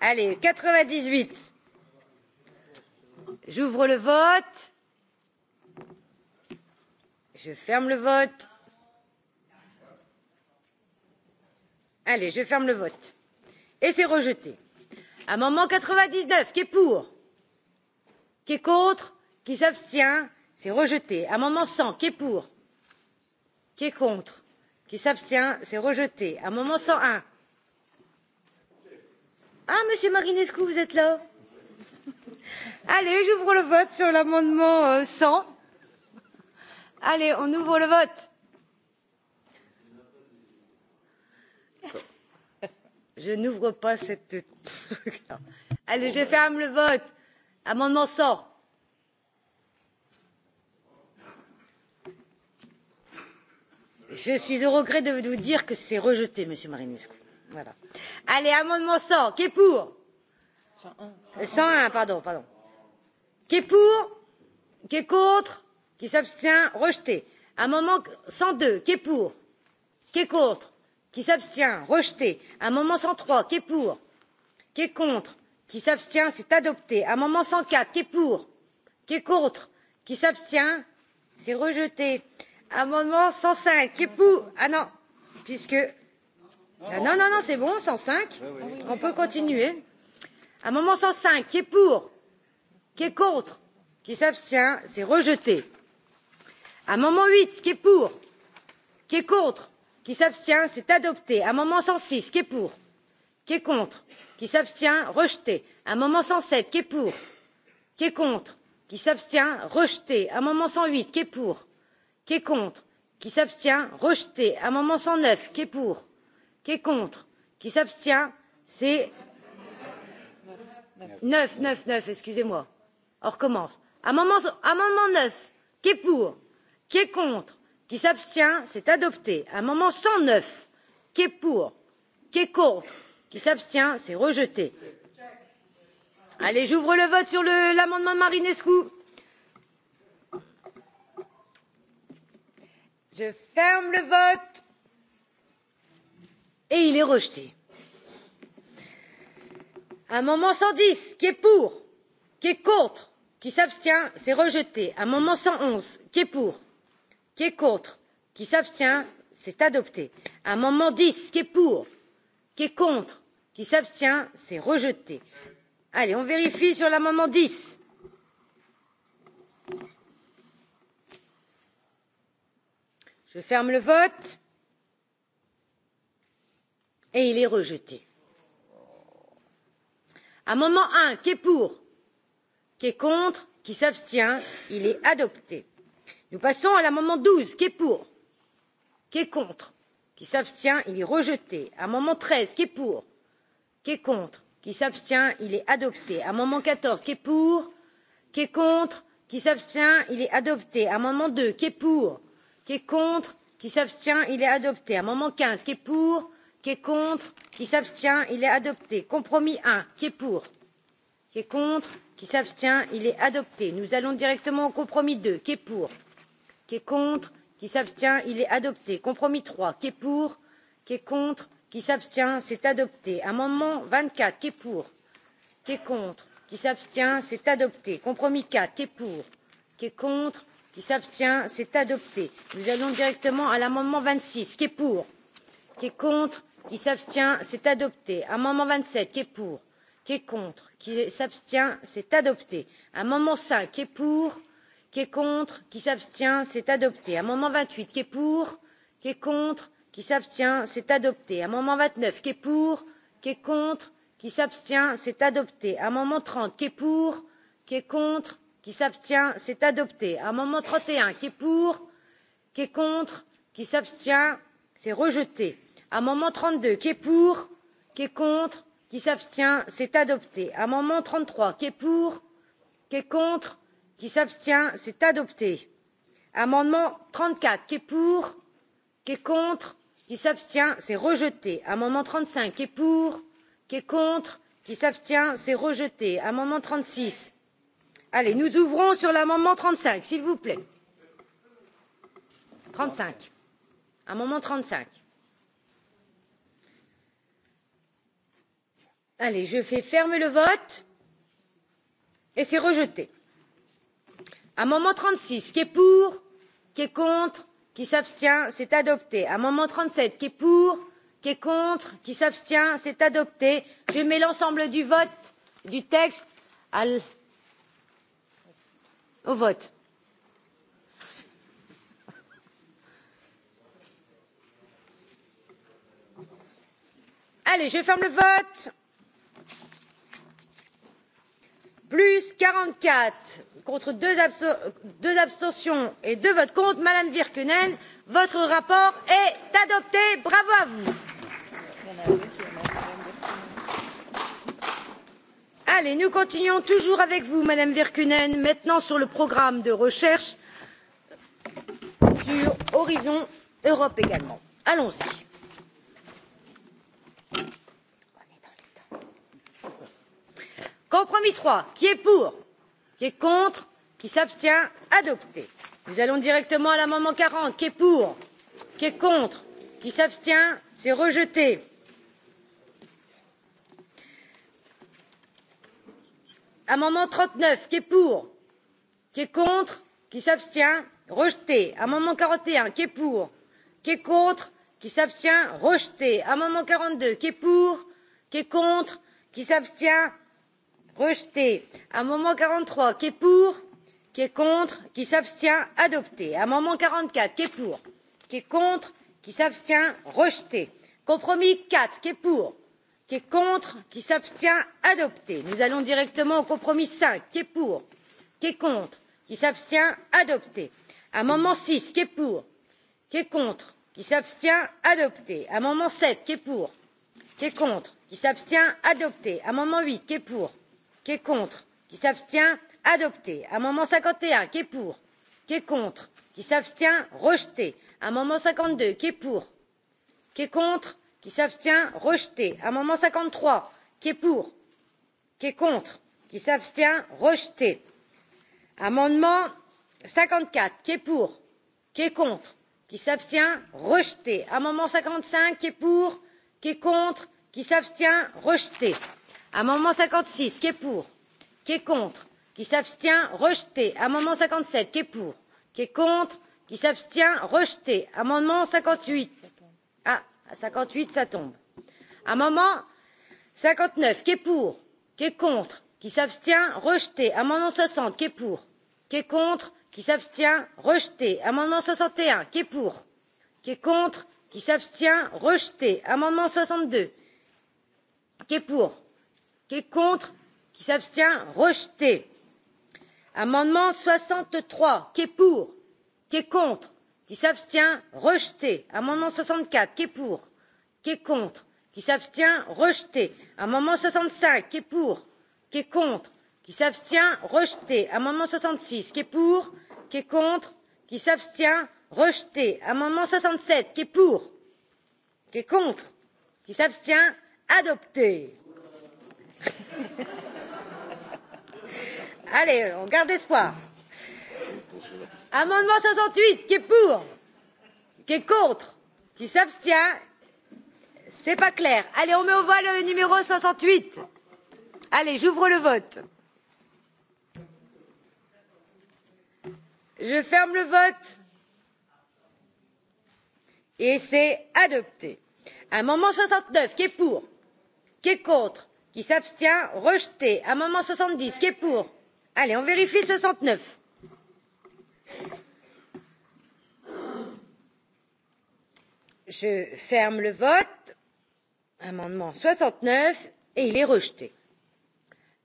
allez quatre vingt dix huit j'ouvre le vote je ferme le vote allez je ferme le vote et c'est rejeté amendement quatre vingt dix neuf qui est pour qui est contre qui s'abstient c'est rejeté amendement cent qui est pour qui est contre qui s'abstient c'est rejeté amendement moment 101. ah monsieur marinescu vous êtes là allez j'ouvre le vote sur l'amendement 100. Euh, allez on ouvre le vote je n'ouvre pas cette allez je ferme le vote amendement Je suis au regret de vous dire que c'est rejeté, Monsieur Marinescu. Voilà. Allez, amendement 100. Qui est pour 101. 101, pardon, pardon. Qui est pour Qui est contre Qui s'abstient Rejeté. Amendement 102. Qui est pour Qui est contre Qui s'abstient Rejeté. Amendement 103. Qui est pour Qui est contre Qui s'abstient C'est adopté. Amendement 104. Qui est pour Qui est contre Qui s'abstient C'est rejeté. Euh, Amendement 105. Qui est pour Ah non, puisque. Ah, non, non, non, c'est bon, cent cinq On peut continuer. Amendement cent cinq Qui est pour Qui est contre Qui s'abstient C'est rejeté. Amendement huit Qui est pour Qui est contre Qui s'abstient C'est adopté. Amendement cent six Qui est pour Qui est contre Qui s'abstient Rejeté. Amendement cent sept Qui est pour Qui est contre Qui s'abstient Rejeté. Amendement cent huit Qui est pour qui est contre qui s'abstient rejeté amendement cent neuf qui est pour qui est contre qui s'abstient c'est neuf neuf neuf excusez moi on recommence amendement neuf qui est pour qui est contre qui s'abstient c'est adopté amendement cent neuf qui est pour qui est contre qui s'abstient c'est rejeté. allez j'ouvre le vote sur l'amendement de marinescu. Je ferme le vote. Et il est rejeté. Amendement 110, qui est pour, qui est contre, qui s'abstient, c'est rejeté. Amendement 111, qui est pour, qui est contre, qui s'abstient, c'est adopté. Amendement 10, qui est pour, qui est contre, qui s'abstient, c'est rejeté. Allez, on vérifie sur l'amendement 10. je ferme le vote et il est rejeté. Amendement 1, qui est pour, qui est contre, qui s'abstient, il est adopté. Nous passons à l'amendement 12, qui est pour, qui est contre, qui s'abstient, il est rejeté. Amendement 13, qui est pour, qui est contre, qui s'abstient, il est adopté. Amendement 14, qui est pour, qui est contre, qui s'abstient, il est adopté. Amendement 2, qui est pour, qui est contre, qui est contre, qui s'abstient, il est adopté. Amendement 15, qui est pour, qui est contre, qui s'abstient, il est adopté. Compromis 1, qui est pour, qui est contre, qui s'abstient, il est adopté. Nous allons directement au compromis 2, qui est pour, qui est contre, qui s'abstient, il est adopté. Compromis 3, qui est pour, qui est contre, qui s'abstient, c'est adopté. Amendement 24, qui est pour, qui est contre, qui s'abstient, c'est adopté. Compromis 4, qui est pour, qui est contre, qui s'abstient c'est adopté nous allons directement à l'amendement vingt six qui est pour qui est contre qui s'abstient c'est adopté amendement vingt sept qui est pour qui est contre qui s'abstient c'est adopté amendement cinq qui est pour qui est contre qui s'abstient c'est adopté amendement vingt huit qui est pour qui est contre qui s'abstient c'est adopté amendement vingt neuf qui est pour qui est contre qui s'abstient c'est adopté amendement trente qui est pour qui est contre qui s'abstient c'est adopté amendement 31, qui est pour qui est contre qui s'abstient c'est rejeté amendement 32, qui est pour qui est contre qui s'abstient c'est adopté amendement 33, qui est pour qui est contre qui s'abstient c'est adopté amendement 34, qui est pour qui est contre qui s'abstient c'est rejeté amendement 35, qui est pour qui est contre qui s'abstient c'est rejeté amendement 36, Allez, nous ouvrons sur l'amendement 35, s'il vous plaît. 35. Amendement 35. Allez, je fais fermer le vote et c'est rejeté. Amendement 36, qui est pour, qui est contre, qui s'abstient, c'est adopté. Amendement 37, qui est pour, qui est contre, qui s'abstient, c'est adopté. Je mets l'ensemble du vote du texte à văd. Allez, je ferme le vote. Plus 44 contre deux, abs deux abstentions et deux votes contre. Madame Virkkunen, votre rapport est adopté. Bravo à vous. Allez, nous continuons toujours avec vous, Madame virkkunen maintenant sur le programme de recherche sur Horizon Europe également. Allons-y. Compromis trois qui est pour Qui est contre Qui s'abstient Adopté. Nous allons directement à l'amendement quarante qui est pour Qui est contre Qui s'abstient C'est rejeté. amendement trente neuf qui est pour qui est contre qui s'abstient rejeté amendement quarante et un qui est pour qui est contre qui s'abstient rejeté amendement quarante deux qui est pour qui est contre qui s'abstient rejeté amendement quarante trois qui est pour qui est contre qui s'abstient adopté amendement quarante quatre qui est pour qui est contre qui s'abstient rejeté compromis quatre qui est pour qui est contre, qui s'abstient, adopté. Nous allons directement au compromis 5, qui est pour, qui est contre, qui s'abstient, adopté. Amendement 6, qui est pour, qui est contre, qui s'abstient, adopté. Amendement 7, qui est pour, qui est contre, qui s'abstient, adopté. Amendement 8, qui est pour, qui est contre, qui s'abstient, adopté. Amendement 51, qui est pour, qui est contre, qui s'abstient, rejeté. Amendement 52, qui est pour, qui est contre, qui s'abstient rejeté amendement cinquante trois qui est pour qui est contre qui s'abstient rejeté amendement cinquante quatre qui est pour qui est contre qui s'abstient rejeté amendement cinquante cinq qui est pour qui est contre qui s'abstient rejeté amendement cinquante six qui est pour qui est contre qui s'abstient rejeté amendement cinquante sept qui est pour qui est contre qui s'abstient rejeté amendement cinquante huit ah à cinquante huit ça tombe À amendement cinquante neuf qui est pour qui est contre qui s'abstient rejeté amendement soixante qui est pour qui est contre qui s'abstient rejeté amendement soixante et un qui est pour qui est contre qui s'abstient rejeté amendement soixante deux qui est pour qui est contre qui s'abstient rejeté amendement soixante trois qui est pour qui est contre qui s'abstient rejeté amendement soixante quatre qui est pour qui est contre qui s'abstient rejeté amendement soixante cinq qui est pour qui est contre qui s'abstient rejeté amendement soixante six qui est pour qui est contre qui s'abstient rejeté amendement soixante sept qui est pour qui est contre qui s'abstient adopté allez on garde espoir. Amendement 68, qui est pour Qui est contre Qui s'abstient C'est pas clair. Allez, on met au voile le numéro 68. Allez, j'ouvre le vote. Je ferme le vote. Et c'est adopté. Amendement 69, qui est pour Qui est contre Qui s'abstient Rejeté. Amendement 70, qui est pour Allez, on vérifie 69 je ferme le vote amendement 69, et il est rejeté.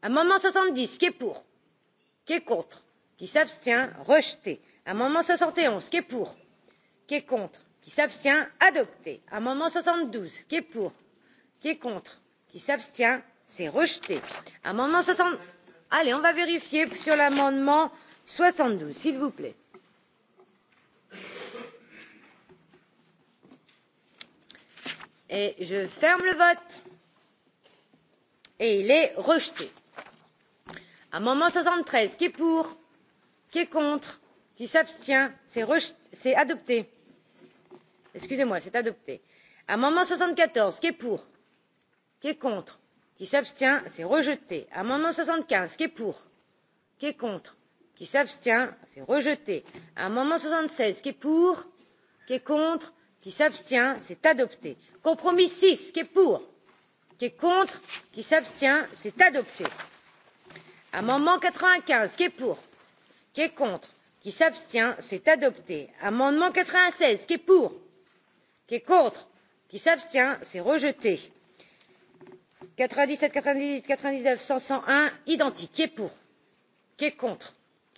amendement 70, qui est pour qui est contre qui s'abstient rejeté. amendement 71, qui est pour qui est contre qui s'abstient adopté. amendement 72, qui est pour qui est contre qui s'abstient c'est rejeté. amendement 70, allez on va vérifier sur l'amendement soixante douze s'il vous plaît. et je ferme le vote et il est rejeté. amendement soixante treize qui est pour qui est contre qui s'abstient c'est adopté. excusez moi c'est adopté. amendement soixante quatorze qui est pour qui est contre qui s'abstient c'est rejeté. amendement soixante quinze qui est pour qui est contre qui s'abstient, c'est rejeté. Amendement 76, qui est pour, qui est contre, qui s'abstient, c'est adopté. Compromis 6, qui est pour, qui est contre, qui s'abstient, c'est adopté. Amendement 95, qui est pour, qui est contre, qui s'abstient, c'est adopté. Amendement 96, qui est pour, qui est contre, qui s'abstient, c'est rejeté. 97, 98, 99, 100, 101, identique. Qui est pour Qui est contre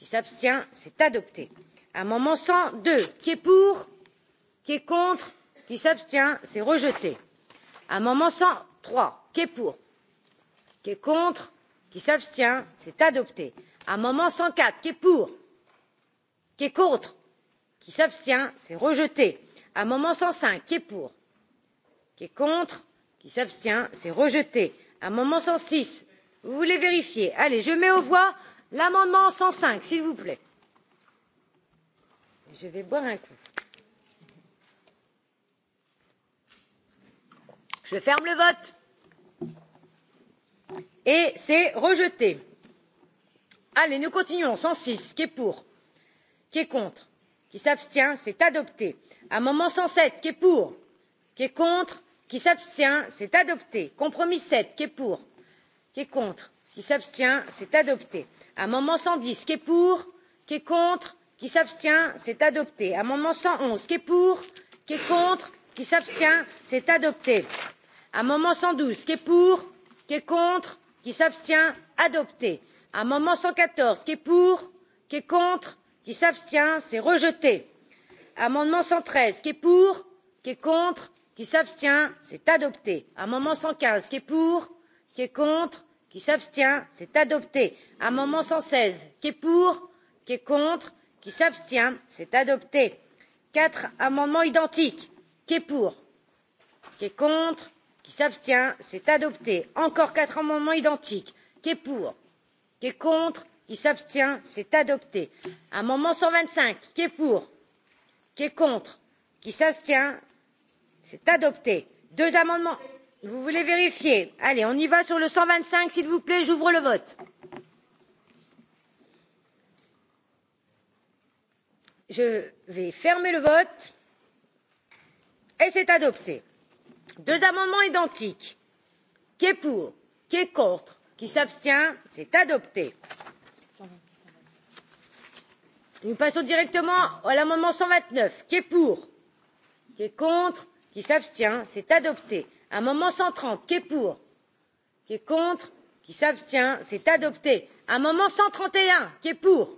qui s'abstient c'est adopté amendement cent deux qui est pour qui est contre qui s'abstient c'est rejeté amendement cent trois qui est pour qui est contre qui s'abstient c'est adopté amendement cent quatre qui est pour qui est contre qui s'abstient c'est rejeté amendement cent cinq qui est pour qui est contre qui s'abstient c'est rejeté amendement cent six vous voulez vérifier allez je mets aux voix l'amendement cent cinq s'il vous plaît je vais boire un coup je ferme le vote et c'est rejeté. allez nous continuons cent six qui est pour qui est contre qui s'abstient c'est adopté amendement cent sept qui est pour qui est contre qui s'abstient c'est adopté compromis sept qui est pour qui est contre qui s'abstient c'est adopté amendement cent dix qui est pour qui est contre qui s'abstient c'est adopté amendement cent onze qui est pour qui est contre qui s'abstient c'est adopté amendement cent douze qui est pour qui est contre qui s'abstient adopté amendement cent quatorze qui est pour qui est contre qui s'abstient c'est rejeté amendement cent treize qui est pour qui est contre qui s'abstient c'est adopté amendement cent quinze qui est pour qui est contre qui s'abstient c'est adopté amendement cent seize qui est pour qui est contre qui s'abstient c'est adopté quatre amendements identiques qui est pour qui est contre qui s'abstient c'est adopté encore quatre amendements identiques qui est pour qui est contre qui s'abstient c'est adopté amendement cent vingt cinq qui est pour qui est contre qui s'abstient c'est adopté deux amendements Vous voulez vérifier Allez, on y va sur le 125, s'il vous plaît. J'ouvre le vote. Je vais fermer le vote. Et c'est adopté. Deux amendements identiques. Qui est pour Qui est contre Qui s'abstient C'est adopté. Nous passons directement à l'amendement 129. Qui est pour Qui est contre Qui s'abstient C'est adopté un moment cent trente qui est pour qui est contre qui s'abstient c'est adopté un moment cent trente et un qui est pour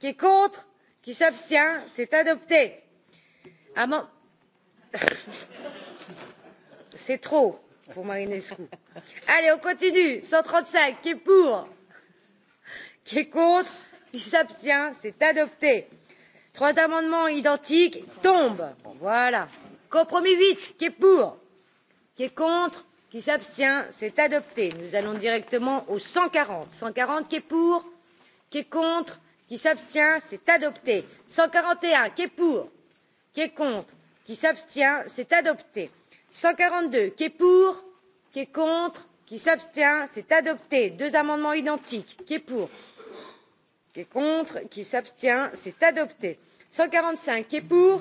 qui est contre qui s'abstient c'est adopté Amend... c'est trop pour Marinescu. Allez, on continue. 135, qui est pour Qui est contre Qui s'abstient C'est adopté. Trois amendements identiques tombent. Voilà. Compromis 8, qui est pour qui est contre qui s'abstient c'est adopté nous allons directement au cent quarante cent quarante qui est pour qui est contre qui s'abstient c'est adopté cent quarante et un qui est pour qui est contre qui s'abstient c'est adopté cent quarante deux qui est pour qui est contre qui s'abstient c'est adopté deux amendements identiques qui est pour qui est contre qui s'abstient c'est adopté cent quarante cinq qui est pour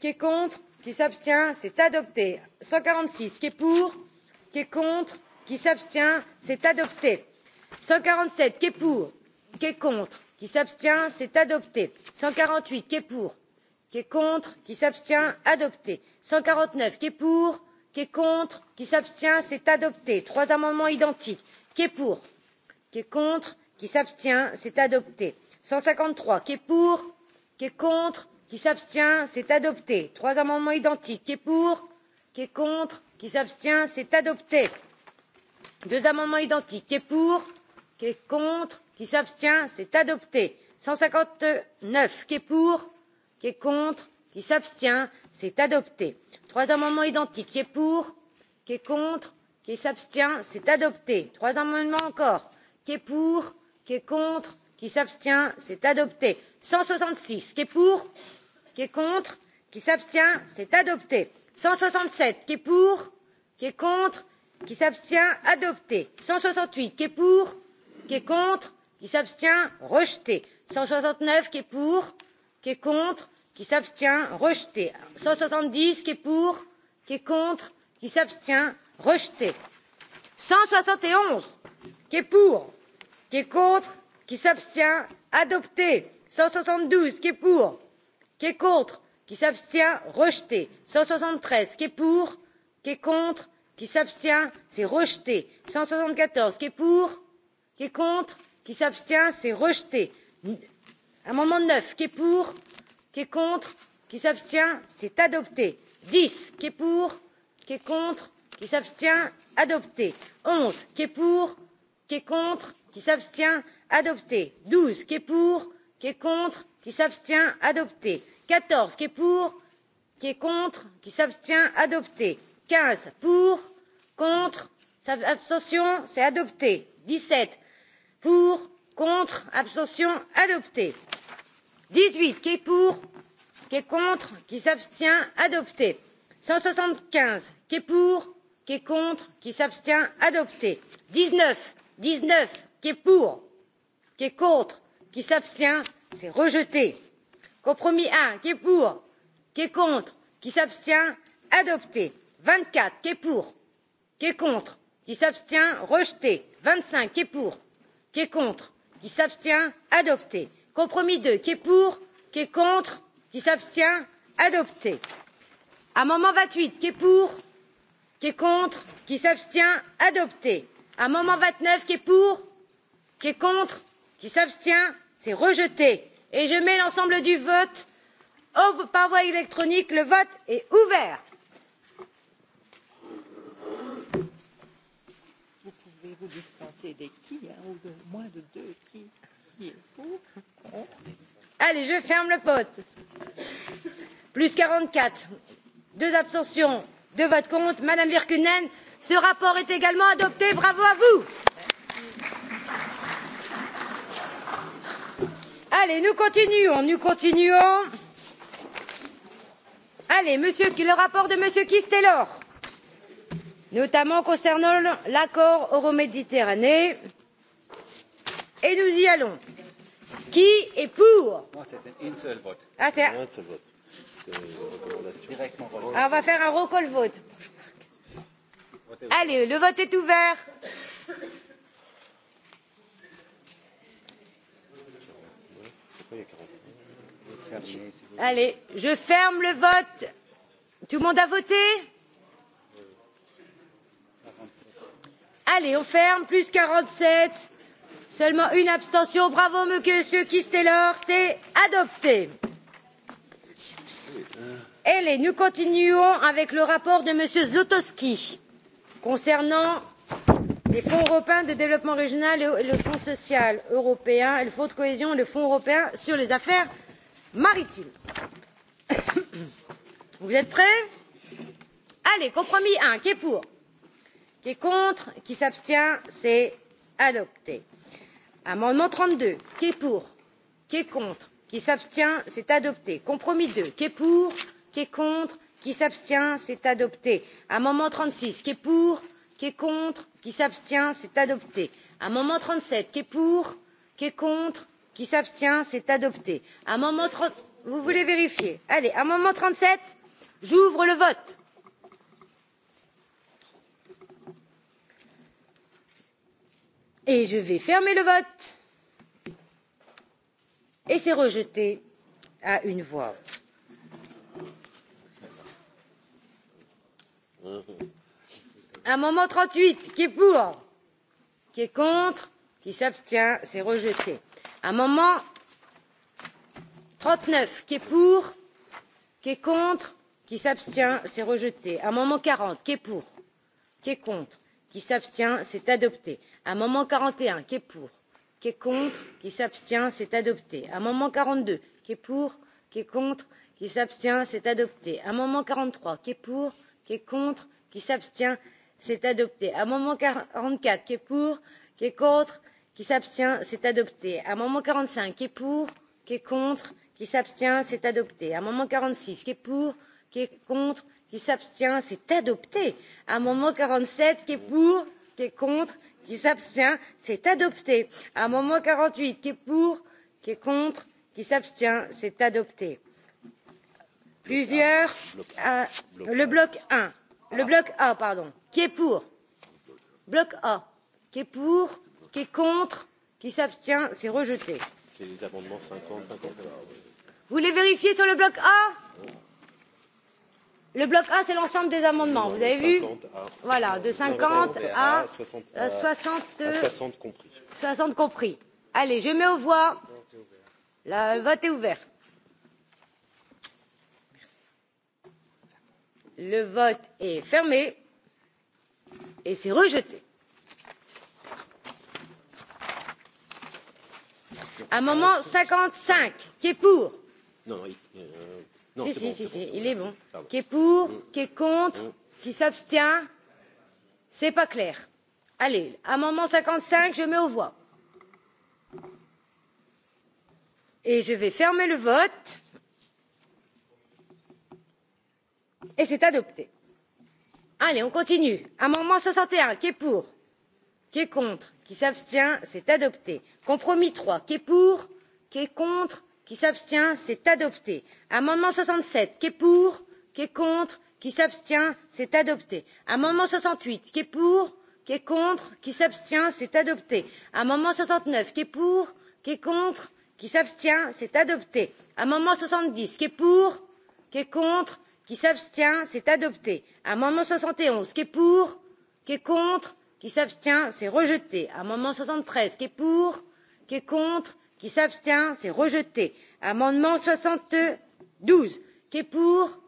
qui est contre qui s'abstient c'est adopté cent quarante six qui est pour qui est contre qui s'abstient c'est adopté cent quarante sept qui est pour qui est contre qui s'abstient c'est adopté cent quarante huit qui est pour qui est contre qui s'abstient adopté cent quarante neuf qui est pour qui est contre qui s'abstient c'est adopté trois amendements identiques qui est pour qui est contre qui s'abstient c'est adopté cent cinquante trois qui est pour qui est contre qui s'abstient c'est adopté trois amendements identiques qui est pour qui est contre qui s'abstient c'est adopté deux amendements identiques qui est pour qui est contre qui s'abstient c'est adopté cent cinquante neuf qui est pour qui est contre qui s'abstient c'est adopté trois amendements identiques qui est pour qui est contre qui s'abstient c'est adopté trois amendements encore qui est pour qui est contre qui s'abstient c'est adopté cent soixante six qui est pour qui est contre, qui s'abstient, c'est adopté. cent soixante sept qui est pour, qui est contre, qui s'abstient, adopté. cent soixante huit qui est pour, qui est contre, qui s'abstient, rejeté. cent soixante neuf qui est pour, qui est contre, qui s'abstient, rejeté. cent soixante dix qui est pour, qui est contre, qui s'abstient, rejeté. cent soixante et onze qui est pour, qui est contre, qui s'abstient, adopté. cent soixante douze qui est pour, qui est contre qui s'abstient rejeté cent soixante treize qui est pour qui est contre qui s'abstient c'est rejeté cent soixante quatorze qui est pour qui est contre qui s'abstient c'est rejeté amendement neuf qui est pour qui est contre qui s'abstient c'est adopté dix qui est pour qui est contre qui s'abstient adopté onze qui est pour qui est contre qui s'abstient adopté douze qui est pour qui est contre qui s'abstient adopté quatorze qui est pour qui est contre qui s'abstient adopté quinze pour contre abstention c'est adopté dix sept pour contre abstention adopté dix huit qui est pour qui est contre qui s'abstient adopté cent soixante quinze qui est pour qui est contre qui s'abstient adopté dix neuf dix neuf qui est pour qui est contre qui s'abstient c'est rejeté compromis un qui est pour qui est contre qui s'abstient adopté vingt quatre qui est pour qui est contre qui s'abstient rejeté vingt cinq qui est pour qui est contre qui s'abstient adopté compromis deux qui est pour qui est contre qui s'abstient adopté amendement vingt huit qui est pour qui est contre qui s'abstient adopté amendement vingt neuf qui est pour qui est contre qui s'abstient c'est rejeté et je mets l'ensemble du vote voix par voie électronique. le vote est ouvert. vous pouvez vous dispenser des qui hein, ou de moins de deux qui, qui est pour allez je ferme le vote. plus quarante quatre deux abstentions deux votes contre. madame virkkunen ce rapport est également adopté. bravo à vous! Allez, nous continuons, nous continuons. Allez, monsieur, le rapport de Monsieur Kistelor, notamment concernant l'accord euro-méditerranée. Et nous y allons. Qui est pour Moi, c'était une seule vote. Ah, c'est un seul vote. Directement Alors, ah, on va faire un roll call vote. Allez, le vote est ouvert. Allez, je ferme le vote. Tout le monde a voté Allez, on ferme, plus 47. Seulement une abstention. Bravo, monsieur Kistelor, c'est adopté. Allez, nous continuons avec le rapport de monsieur Zlotowski concernant les fonds européens de développement régional et le fonds social européen et le fonds de cohésion et le fonds européen sur les affaires maritime. vous êtes prêts? allez compromis un qui est pour qui est contre qui s'abstient c'est adopté. amendement trente deux qui est pour qui est contre qui s'abstient c'est adopté. compromis deux qui est pour qui est contre qui s'abstient c'est adopté. amendement trente six qui est pour qui est contre qui s'abstient c'est adopté. amendement trente sept qui est pour qui est contre qui s'abstient c'est adopté amendement trente vous voulez vérifier allez moment trente sept j'ouvre le vote et je vais fermer le vote et c'est rejeté à une voix. un moment trente huit qui est pour Qui est contre Qui s'abstient C'est rejeté amendement trente neuf qui est pour qui est contre qui s'abstient c'est rejeté amendement quarante qui est pour qui est contre qui s'abstient c'est adopté amendement quarante et un qui est pour qui est contre qui s'abstient c'est adopté amendement quarante deux qui est pour qui est contre qui s'abstient c'est adopté amendement quarante trois qui est pour qui est contre qui s'abstient c'est adopté amendement quarante quatre qui est pour qui est contre qui s'abstient, c'est adopté. Amendement 45, qui est pour, qui est contre, qui s'abstient, c'est adopté. Amendement 46, qui est pour, qui est contre, qui s'abstient, c'est adopté. Amendement 47, qui est pour, qui est contre, qui s'abstient, c'est adopté. Amendement 48, qui est pour, qui est contre, qui s'abstient, c'est adopté. Plusieurs. Euh, le bloc 1. Le bloc A, pardon. Qui est pour Bloc A. Qui est pour Qui est contre Qui s'abstient C'est rejeté. C'est les amendements 50, 51. Vous les vérifiez sur le bloc A Le bloc A, c'est l'ensemble des amendements. Vous avez vu à... Voilà, de 50 à euh, à 60, À 60 compris. 60 compris. Allez, je mets aux voix. Le vote est ouvert. Le vote est fermé et c'est rejeté. Amendement 55, qui est pour Non, non, il, euh, non si, si, bon, si, si, bon, il est bon. Pardon. Qui est pour, mm. qui est contre, mm. qui s'abstient C'est pas clair. Allez, amendement 55, je mets aux voix. Et je vais fermer le vote. Et c'est adopté. Allez, on continue. Amendement 61, qui est pour qui est contre qui s'abstient c'est adopté compromis trois qui est pour qui est contre qui s'abstient c'est adopté amendement soixante sept qui est pour qui est contre qui s'abstient c'est adopté amendement soixante huit qui est pour qui est contre qui s'abstient c'est adopté amendement soixante neuf qui est pour qui est contre qui s'abstient c'est adopté amendement soixante dix qui est pour qui est contre qui s'abstient c'est adopté amendement soixante et onze qui est pour qui est contre qui s'abstient c'est rejeté amendement soixante treize qui est pour qui est contre qui s'abstient c'est rejeté amendement soixante douze qui est pour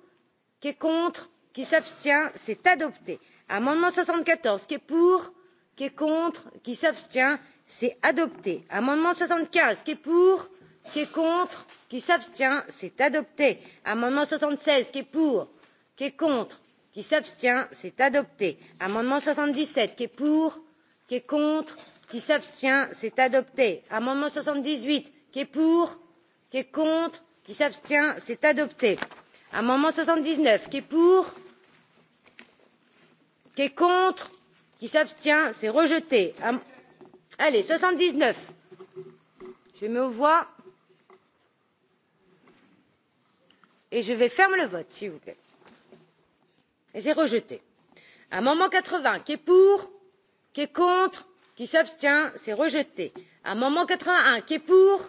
qui est contre qui s'abstient c'est adopté amendement soixante quatorze qui est pour qui est contre qui s'abstient c'est adopté amendement soixante quinze qui est pour qui est contre qui s'abstient c'est adopté amendement soixante seize qui est pour qui est contre qui s'abstient c'est adopté amendement soixante dix sept qui est pour qui est contre qui s'abstient c'est adopté amendement soixante dix huit qui est pour qui est contre qui s'abstient c'est adopté amendement soixante dix neuf qui est pour qui est contre qui s'abstient c'est rejeté Am allez soixante dix neuf je mets aux voix et je vais fermer le vote s'il vous plaît et c'est rejeté. Amendement 80, qui est pour, qui est contre, qui s'abstient, c'est rejeté. Amendement 81, qui est pour,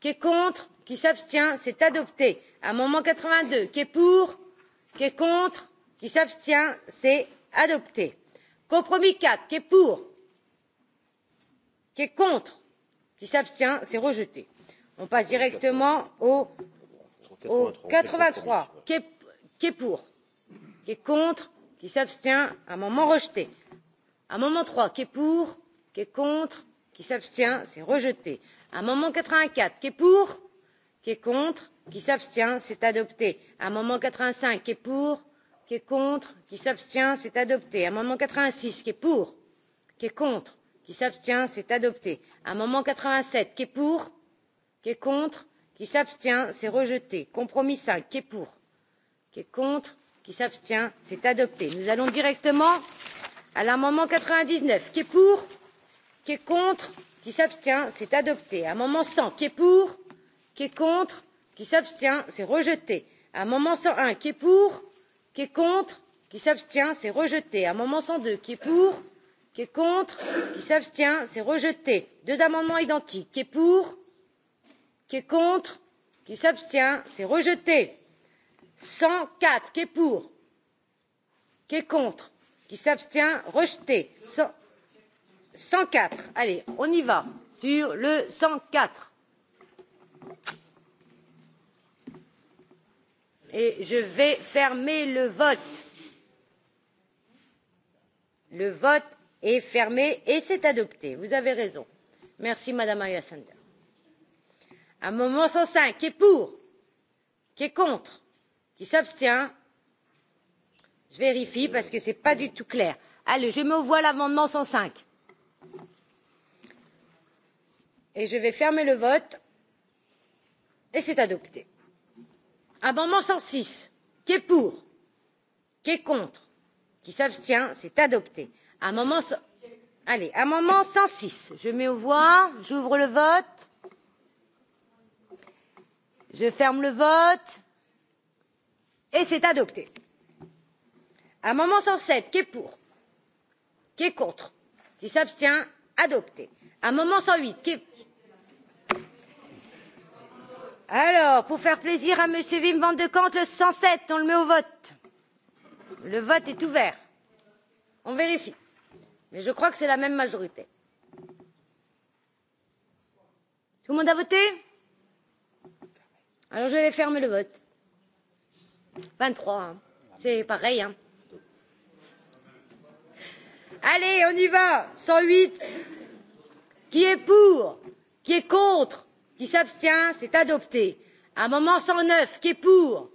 qui est contre, qui s'abstient, c'est adopté. Amendement 82, qui est pour, qui est contre, qui s'abstient, c'est adopté. Compromis 4, qui est pour, qui est contre, qui s'abstient, c'est rejeté. On passe directement au, au 83, qui est, qui est pour, qui est contre, qui s'abstient, amendement rejeté. Amendement 3, qui est pour, qui est contre, qui s'abstient, c'est rejeté. Amendement 84, qui est pour, qui est contre, qui s'abstient, c'est adopté. Amendement 85, qui est pour, qui est contre, qui s'abstient, c'est adopté. Amendement 86, qui est pour, qui est contre, qui s'abstient, c'est adopté. Amendement 87, qui est pour, qui est contre, qui s'abstient, c'est rejeté. Compromis 5, qui est pour, qui est contre, qui s'abstient c'est adopté. nous allons directement à l'amendement quatre vingt dix neuf qui est pour qui est contre qui s'abstient c'est adopté. amendement cent qui est pour qui est contre qui s'abstient c'est rejeté. amendement cent un qui est pour qui est contre qui s'abstient c'est rejeté. amendement cent deux qui est pour qui est contre qui s'abstient c'est rejeté. deux amendements identiques qui est pour qui est contre qui s'abstient c'est rejeté cent quatre qui est pour qui est contre qui s'abstient rejeté cent quatre allez on y va sur le cent quatre et je vais fermer le vote le vote est fermé et c'est adopté vous avez raison merci madame ayala sender amendement cent cinq qui est pour qui est contre qui s'abstient je vérifie parce que c'est pas du tout clair. allez je mets aux voix l'amendement cent cinq et je vais fermer le vote et c'est adopté. amendement cent six qui est pour qui est contre qui s'abstient c'est adopté. amendement allez amendement cent six je mets aux voix j'ouvre le vote je ferme le vote et c'est adopté. Amendement 107, qui est pour Qui est contre Qui s'abstient Adopté. Amendement 108, qui est... Alors, pour faire plaisir à M. Wim van de Kant, le 107, on le met au vote. Le vote est ouvert. On vérifie. Mais je crois que c'est la même majorité. Tout le monde a voté Alors je vais fermer le vote. 23, c'est pareil. Hein. Allez, on y va 108 Qui est pour Qui est contre Qui s'abstient C'est adopté. Un moment 109, qui est pour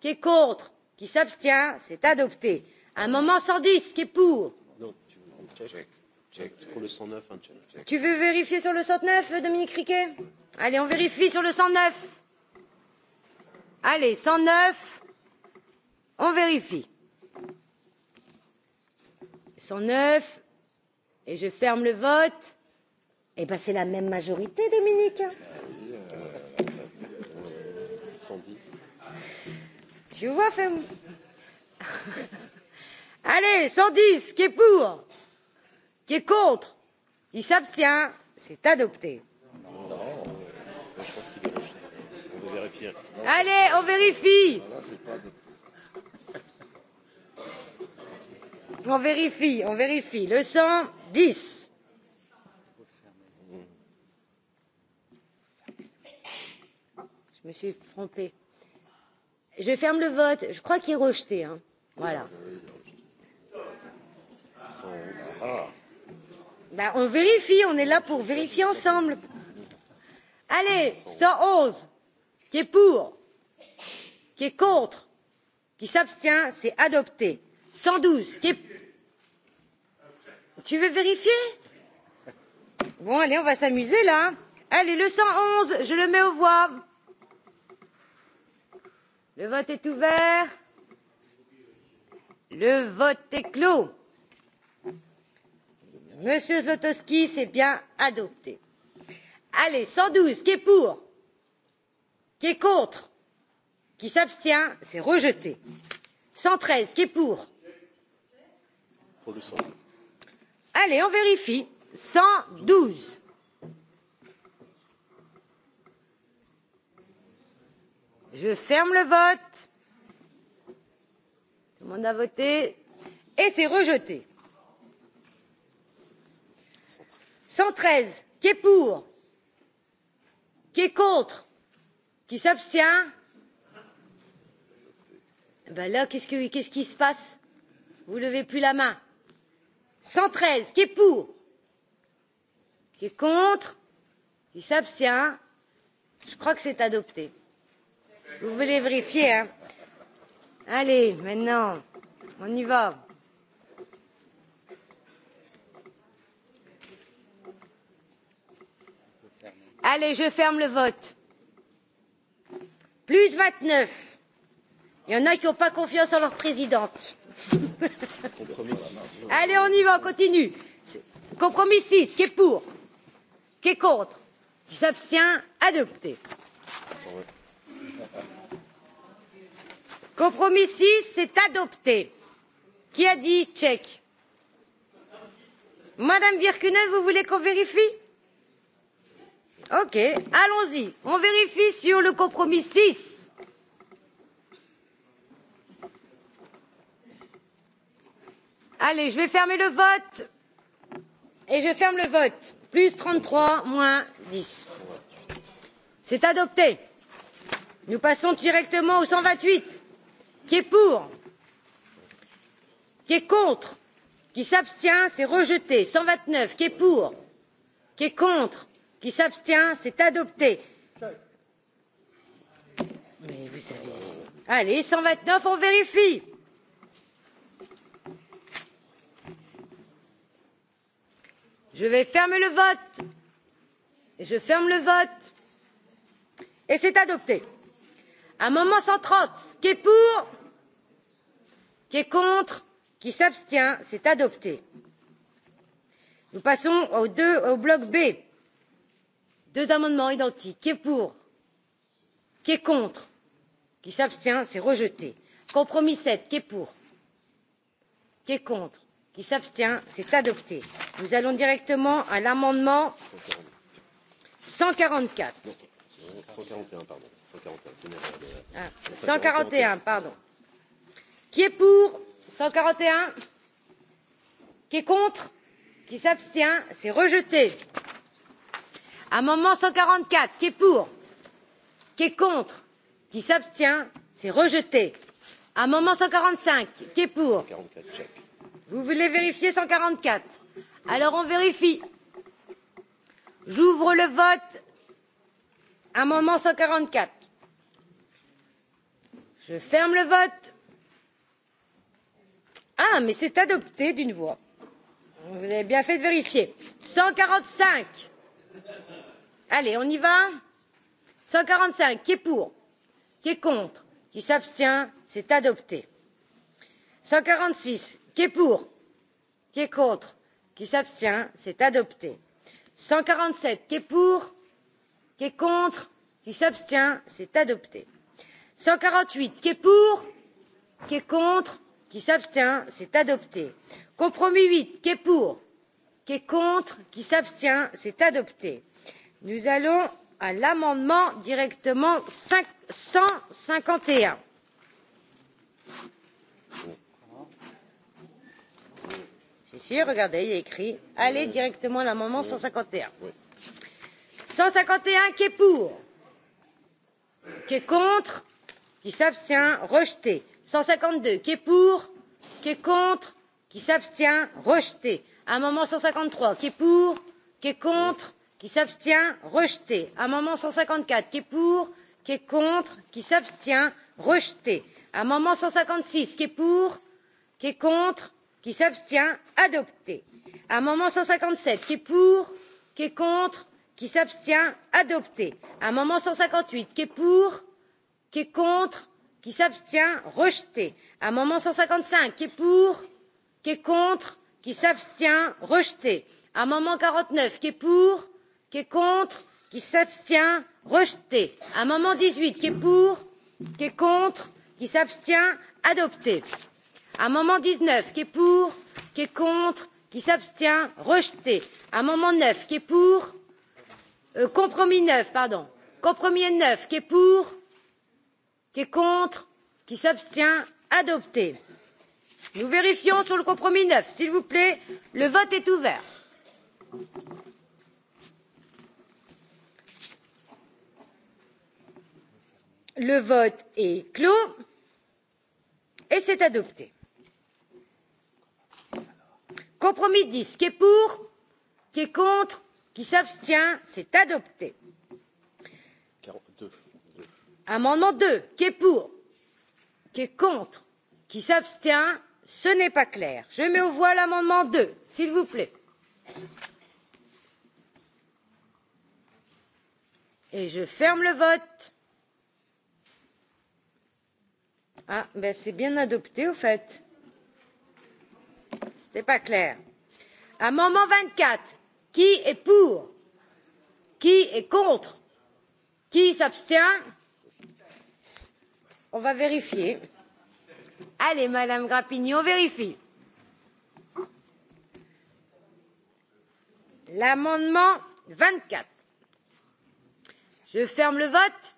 Qui est contre Qui s'abstient C'est adopté. Un moment 110, qui est pour Non, tu veux check. Check. Pour le 109, check. Tu veux vérifier sur le 109, Dominique Riquet Allez, on vérifie sur le 109 allez cent neuf on vérifie cent neuf et je ferme le vote eh bien c'est la même majorité dominique tu vois ferme allez 110, qui est pour qui est contre qui s'abstient c'est adopté. Allez, on vérifie. On vérifie, on vérifie. Le 110. Je me suis trompée. Je ferme le vote. Je crois qu'il est rejeté. Hein. Voilà. Ben, on vérifie, on est là pour vérifier ensemble. Allez, 111 qui est pour qui est contre qui s'abstient c'est adopté cent douze qui est tu veux vérifier bon allez on va s'amuser là allez le cent onze je le mets aux voix le vote est ouvert le vote est clos monsieur zlotowski c'est bien adopté allez cent douze qui est pour qui est contre qui s'abstient c'est rejeté cent treize qui est pour allez on vérifie cent douze je ferme le vote tout le monde a voté et c'est rejeté cent treize qui est pour qui est contre Qui s'abstient eh Ben là, qu'est-ce, que, qu'est-ce qui se passe Vous levez plus la main. 113, qui est pour Qui est contre Qui s'abstient Je crois que c'est adopté. Vous voulez vérifier, hein Allez, maintenant, on y va. Allez, je ferme le vote plus vingt neuf il y en a qui n'ont pas confiance en leur présidente. allez on y va on continue compromis six qui est pour qui est contre qui s'abstient adopté compromis six c'est adopté qui a dit tchèque madame virkkunen vous voulez qu'on vérifie? Ok, allons-y. On vérifie sur le compromis 6. Allez, je vais fermer le vote. Et je ferme le vote. Plus 33, moins 10. C'est adopté. Nous passons directement au 128. Qui est pour Qui est contre Qui s'abstient C'est rejeté. 129. Qui est pour Qui est contre qui s'abstient c'est adopté mais vous avez allez cent vingt neuf on vérifie je vais fermer le vote et je ferme le vote et c'est adopté amendement cent trente qui est pour qui est contre qui s'abstient c'est adopté nous passons au deux au bloc b deux amendements identiques qui est pour qui est contre qui s'abstient c'est rejeté compromis sept qui est pour qui est contre qui s'abstient c'est adopté nous allons directement à l'amendement cent quarante quatre cent quarante et un pardon qui est pour cent quarante et un qui est contre qui s'abstient c'est rejeté amendement cent quarante quatre qui est pour qui est contre qui s'abstient c'est rejeté amendement cent quarante cinq qui est pour vous voulez vérifier cent quarante quatre alors on vérifie j'ouvre le vote amendement cent quarante quatre je ferme le vote ah mais c'est adopté d'une voix vous avez bien fait de vérifier cent quarante cinq allez on y va cent quarante cinq qui est pour qui est contre qui s'abstient c'est adopté cent quarante six qui est pour qui est contre qui s'abstient c'est adopté cent quarante sept qui est pour qui est contre qui s'abstient c'est adopté cent quarante huit qui est pour qui est contre qui s'abstient c'est adopté compromis huit qui est pour qui est contre qui s'abstient c'est adopté nous allons à l'amendement directement cent cinquante et un si si regardez il y a écrit allez directement à l'amendement cent cinquante et un cent cinquante et un qui est pour qui est contre qui s'abstient rejeté cent cinquante deux qui est pour qui est contre qui s'abstient rejeté amendement cent cinquante trois qui est pour qui est contre qui s'abstient rejeté amendement cent cinquante quatre qui est pour qui est contre qui s'abstient rejeté amendement cent cinquante six qui est pour qui est contre qui s'abstient adopté amendement cent cinquante sept qui est pour qui est contre qui s'abstient adopté amendement cent cinquante huit qui est pour qui est contre qui s'abstient rejeté amendement cent cinquante cinq qui est pour qui est contre qui s'abstient rejeté amendement quarante neuf qui est pour qui est contre qui s'abstient rejeté amendement dix huit qui est pour qui est contre qui s'abstient adopté amendement dix neuf qui est pour qui est contre qui s'abstient rejeté amendement neuf qui est pour euh, compromis neuf pardon compromis neuf qui est pour qui est contre qui s'abstient adopté nous vérifions sur le compromis neuf s'il vous plaît le vote est ouvert. le vote est clos et c'est adopté. compromis dix qui est pour qui est contre qui s'abstient c'est adopté. amendement deux qui est pour qui est contre qui s'abstient ce n'est pas clair. je mets aux voix l'amendement deux s'il vous plaît. et je ferme le vote Ah, ben c'est bien adopté au fait. C'était pas clair. Amendement 24. Qui est pour Qui est contre Qui s'abstient On va vérifier. Allez, Madame Grappigny, on vérifie. L'amendement 24. Je ferme le vote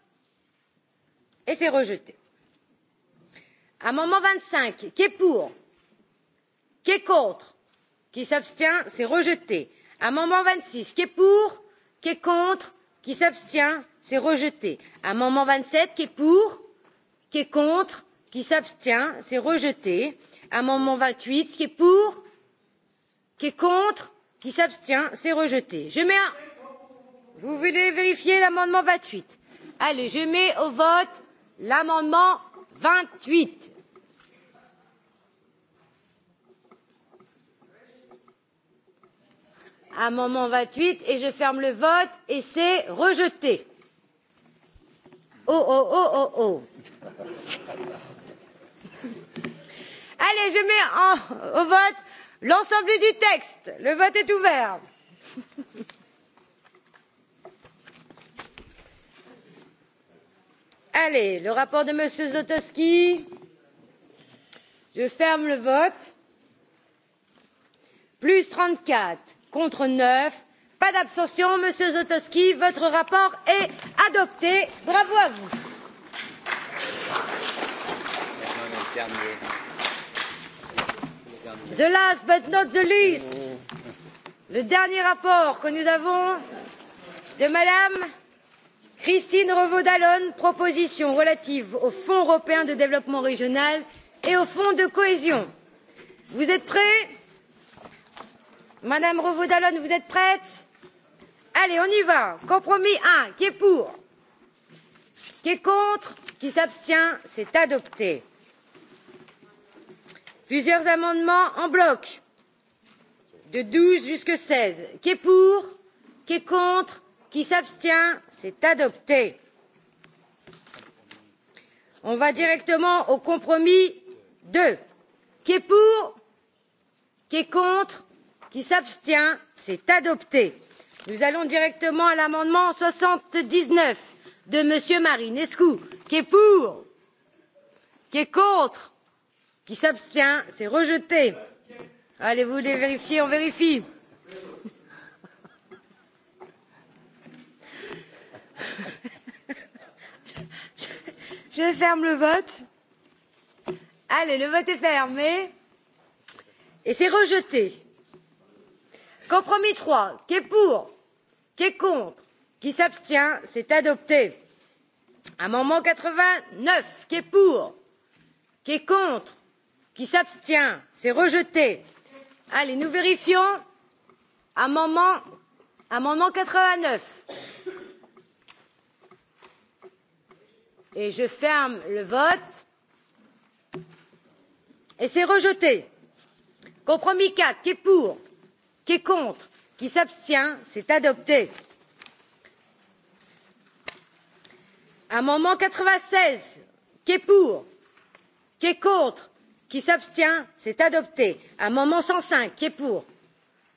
et c'est rejeté amendement vingt cinq qui est pour qui est contre qui s'abstient c'est rejeté amendement vingt six qui est pour qui est contre qui s'abstient c'est rejeté amendement vingt sept qui est pour qui est contre qui s'abstient c'est rejeté amendement vingt huit qui est pour qui est contre qui s'abstient c'est rejeté je mets un vous voulez vérifier l'amendement vingt huit allez je mets au vote l'amendement 28. huit amendement 28 et je ferme le vote et c'est rejeté. oh oh oh oh oh allez je mets en, au vote l'ensemble du texte le vote est ouvert. allez le rapport de m. zdrojewski je ferme le vote plus trente quatre contre neuf pas d'abstention m. zdrojewski votre rapport est adopté bravo à vous. the last but not the least le dernier rapport que nous avons de mme Christine Revaud Dallon, proposition relative au Fonds européen de développement régional et au Fonds de cohésion. Vous êtes prêts Madame Revaud Dallon, vous êtes prête Allez, on y va. Compromis 1, qui est pour Qui est contre Qui s'abstient C'est adopté. Plusieurs amendements en bloc, de 12 jusqu'à 16. Qui est pour Qui est contre Qui s'abstient C'est adopté. On va directement au compromis 2. Qui est pour Qui est contre Qui s'abstient C'est adopté. Nous allons directement à l'amendement 79 de M. Marinescu. Qui est pour Qui est contre Qui s'abstient C'est rejeté. Allez-vous les vérifier On vérifie. Je ferme le vote. Allez, le vote est fermé. Et c'est rejeté. Compromis 3, qui est pour, qui est contre, qui s'abstient, c'est adopté. Amendement 89, qui est pour, qui est contre, qui s'abstient, c'est rejeté. Allez, nous vérifions. Amendement, amendement 89. Et je ferme le vote. Et c'est rejeté. Compromis 4, qui est pour, qui est contre, qui s'abstient, c'est adopté. Amendement 96, qui est pour, qui est contre, qui s'abstient, c'est adopté. Amendement 105, qui est pour,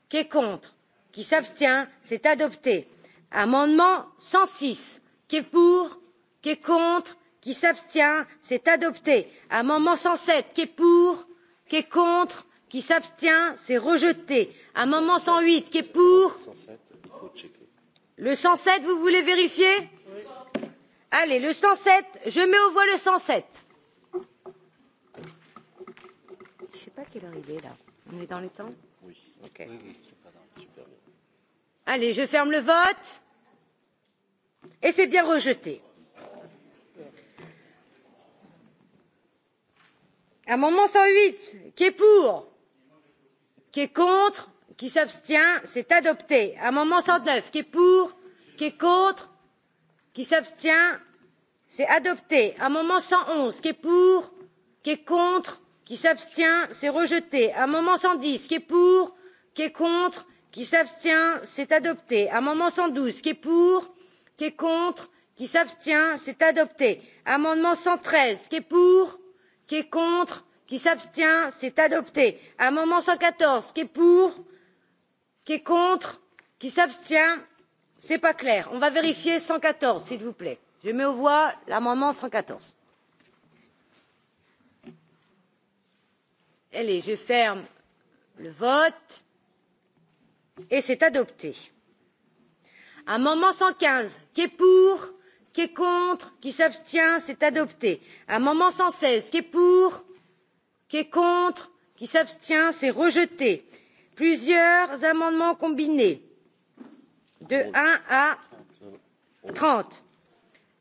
qui est contre, qui s'abstient, c'est adopté. Amendement 106, qui est pour, qui est contre, qui s'abstient, c'est adopté. Amendement 107, qui est pour, qui est contre, qui s'abstient, c'est rejeté. Amendement 108, qui est pour. Le 107, vous voulez vérifier Allez, le 107, je mets aux voix le 107. Je ne sais pas quelle heure il est là. On est dans les temps Oui. Ok. Allez, je ferme le vote. Et c'est bien rejeté. amendement cent huit qui est pour qui est contre qui s'abstient c'est adopté amendement cent neuf qui est pour qui est contre qui s'abstient c'est adopté amendement cent onze qui est pour qui est contre qui s'abstient c'est rejeté amendement cent dix qui est pour qui est contre qui s'abstient c'est adopté amendement cent douze qui est pour qui est contre qui s'abstient c'est adopté amendement cent treize qui est pour qui est contre, qui s'abstient, c'est adopté. Amendement cent quatorze qui est pour, qui est contre, qui s'abstient, c'est pas clair. On va vérifier cent quatorze s'il vous plaît. Je mets aux voix l'amendement cent quatorze Allez, je ferme le vote et c'est adopté. Amendement cent quinze, qui est pour, qui est contre, qui s'abstient, c'est adopté. Amendement 116, qui est pour, qui est contre, qui s'abstient, c'est rejeté. Plusieurs amendements combinés de 1 à 30.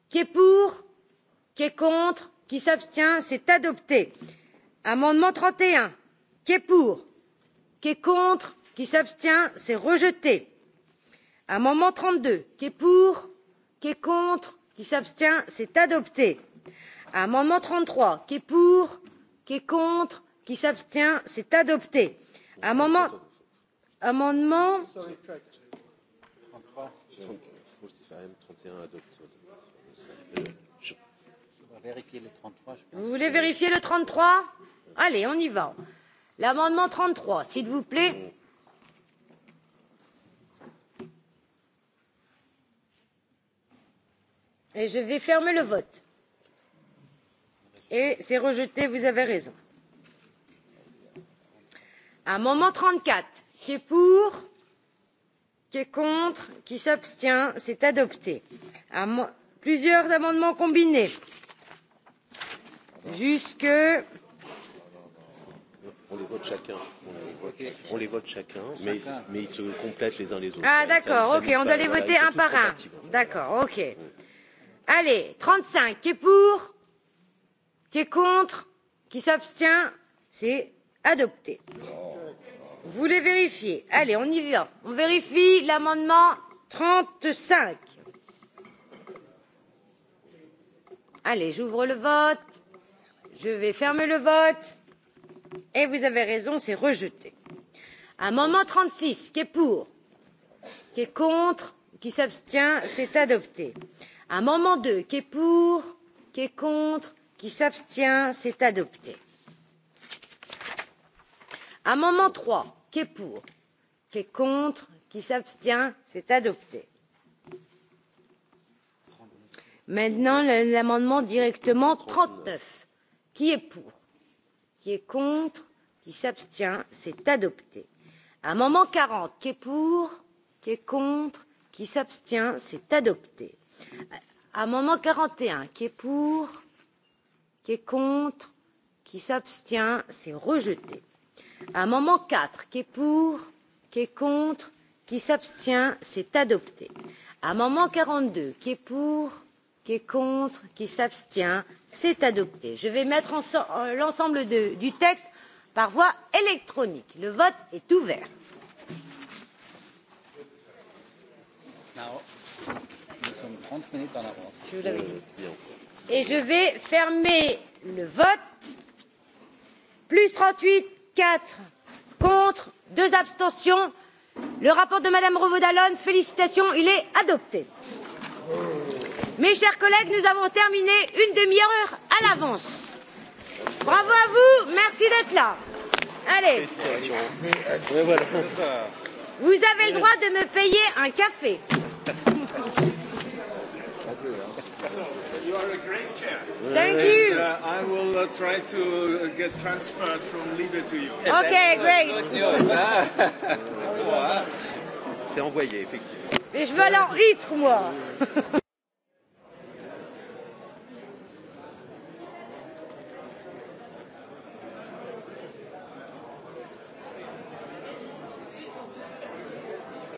Qui est pour, qui est contre, qui s'abstient, c'est adopté. Amendement 31, qui est pour, qui est contre, qui s'abstient, c'est rejeté. Amendement 32, qui est pour, qui est contre, qui s'abstient c'est adopté amendement 33, qui est pour qui est contre qui s'abstient c'est adopté amendement amendement vous voulez vérifier le 33 allez on y va l'amendement 33, s'il vous plaît et je vais fermer le vote. Et c'est rejeté, vous avez raison. Amendement 34, qui est pour, qui est contre, qui s'abstient, c'est adopté. Am plusieurs amendements combinés jusque. On les vote chacun. On les vote, on les vote chacun, mais, mais ils se complètent les uns les autres. Ah d'accord, ok, on doit les voter un par un. D'accord, ok. Ouais. Allez, 35, qui est pour Qui est contre Qui s'abstient C'est adopté. Vous voulez vérifier Allez, on y va. On vérifie l'amendement 35. Allez, j'ouvre le vote. Je vais fermer le vote. Et vous avez raison, c'est rejeté. Amendement 36, qui est pour Qui est contre Qui s'abstient C'est adopté un moment 2, qui est pour, qui est contre, qui s'abstient, c'est adopté. un moment trois qui est pour, qui est contre, qui s'abstient, c'est adopté. Maintenant, l'amendement directement trente neuf Qui est pour Qui est contre Qui s'abstient C'est adopté. un moment quarante Qui est pour Qui est contre Qui s'abstient C'est adopté. Amendement 41, qui est pour, qui est contre, qui s'abstient, c'est rejeté. Amendement 4, qui est pour, qui est contre, qui s'abstient, c'est adopté. Amendement 42, qui est pour, qui est contre, qui s'abstient, c'est adopté. Je vais mettre euh, l'ensemble du texte par voie électronique. Le vote est ouvert. Now. 30 minutes en avance. Je vous Et je vais fermer le vote. Plus 38, 4 contre, 2 abstentions. Le rapport de Madame Revaud-Dallon, félicitations, il est adopté. Mes chers collègues, nous avons terminé une demi-heure à l'avance. Bravo à vous, merci d'être là. Allez. Vous avez le droit de me payer un café. You are a great chair. Thank you. Uh, I will uh, try to uh, get transferred from Libya to you. Okay, great. C'est envoyé, effectivement. Mais je veux aller en rythme, moi.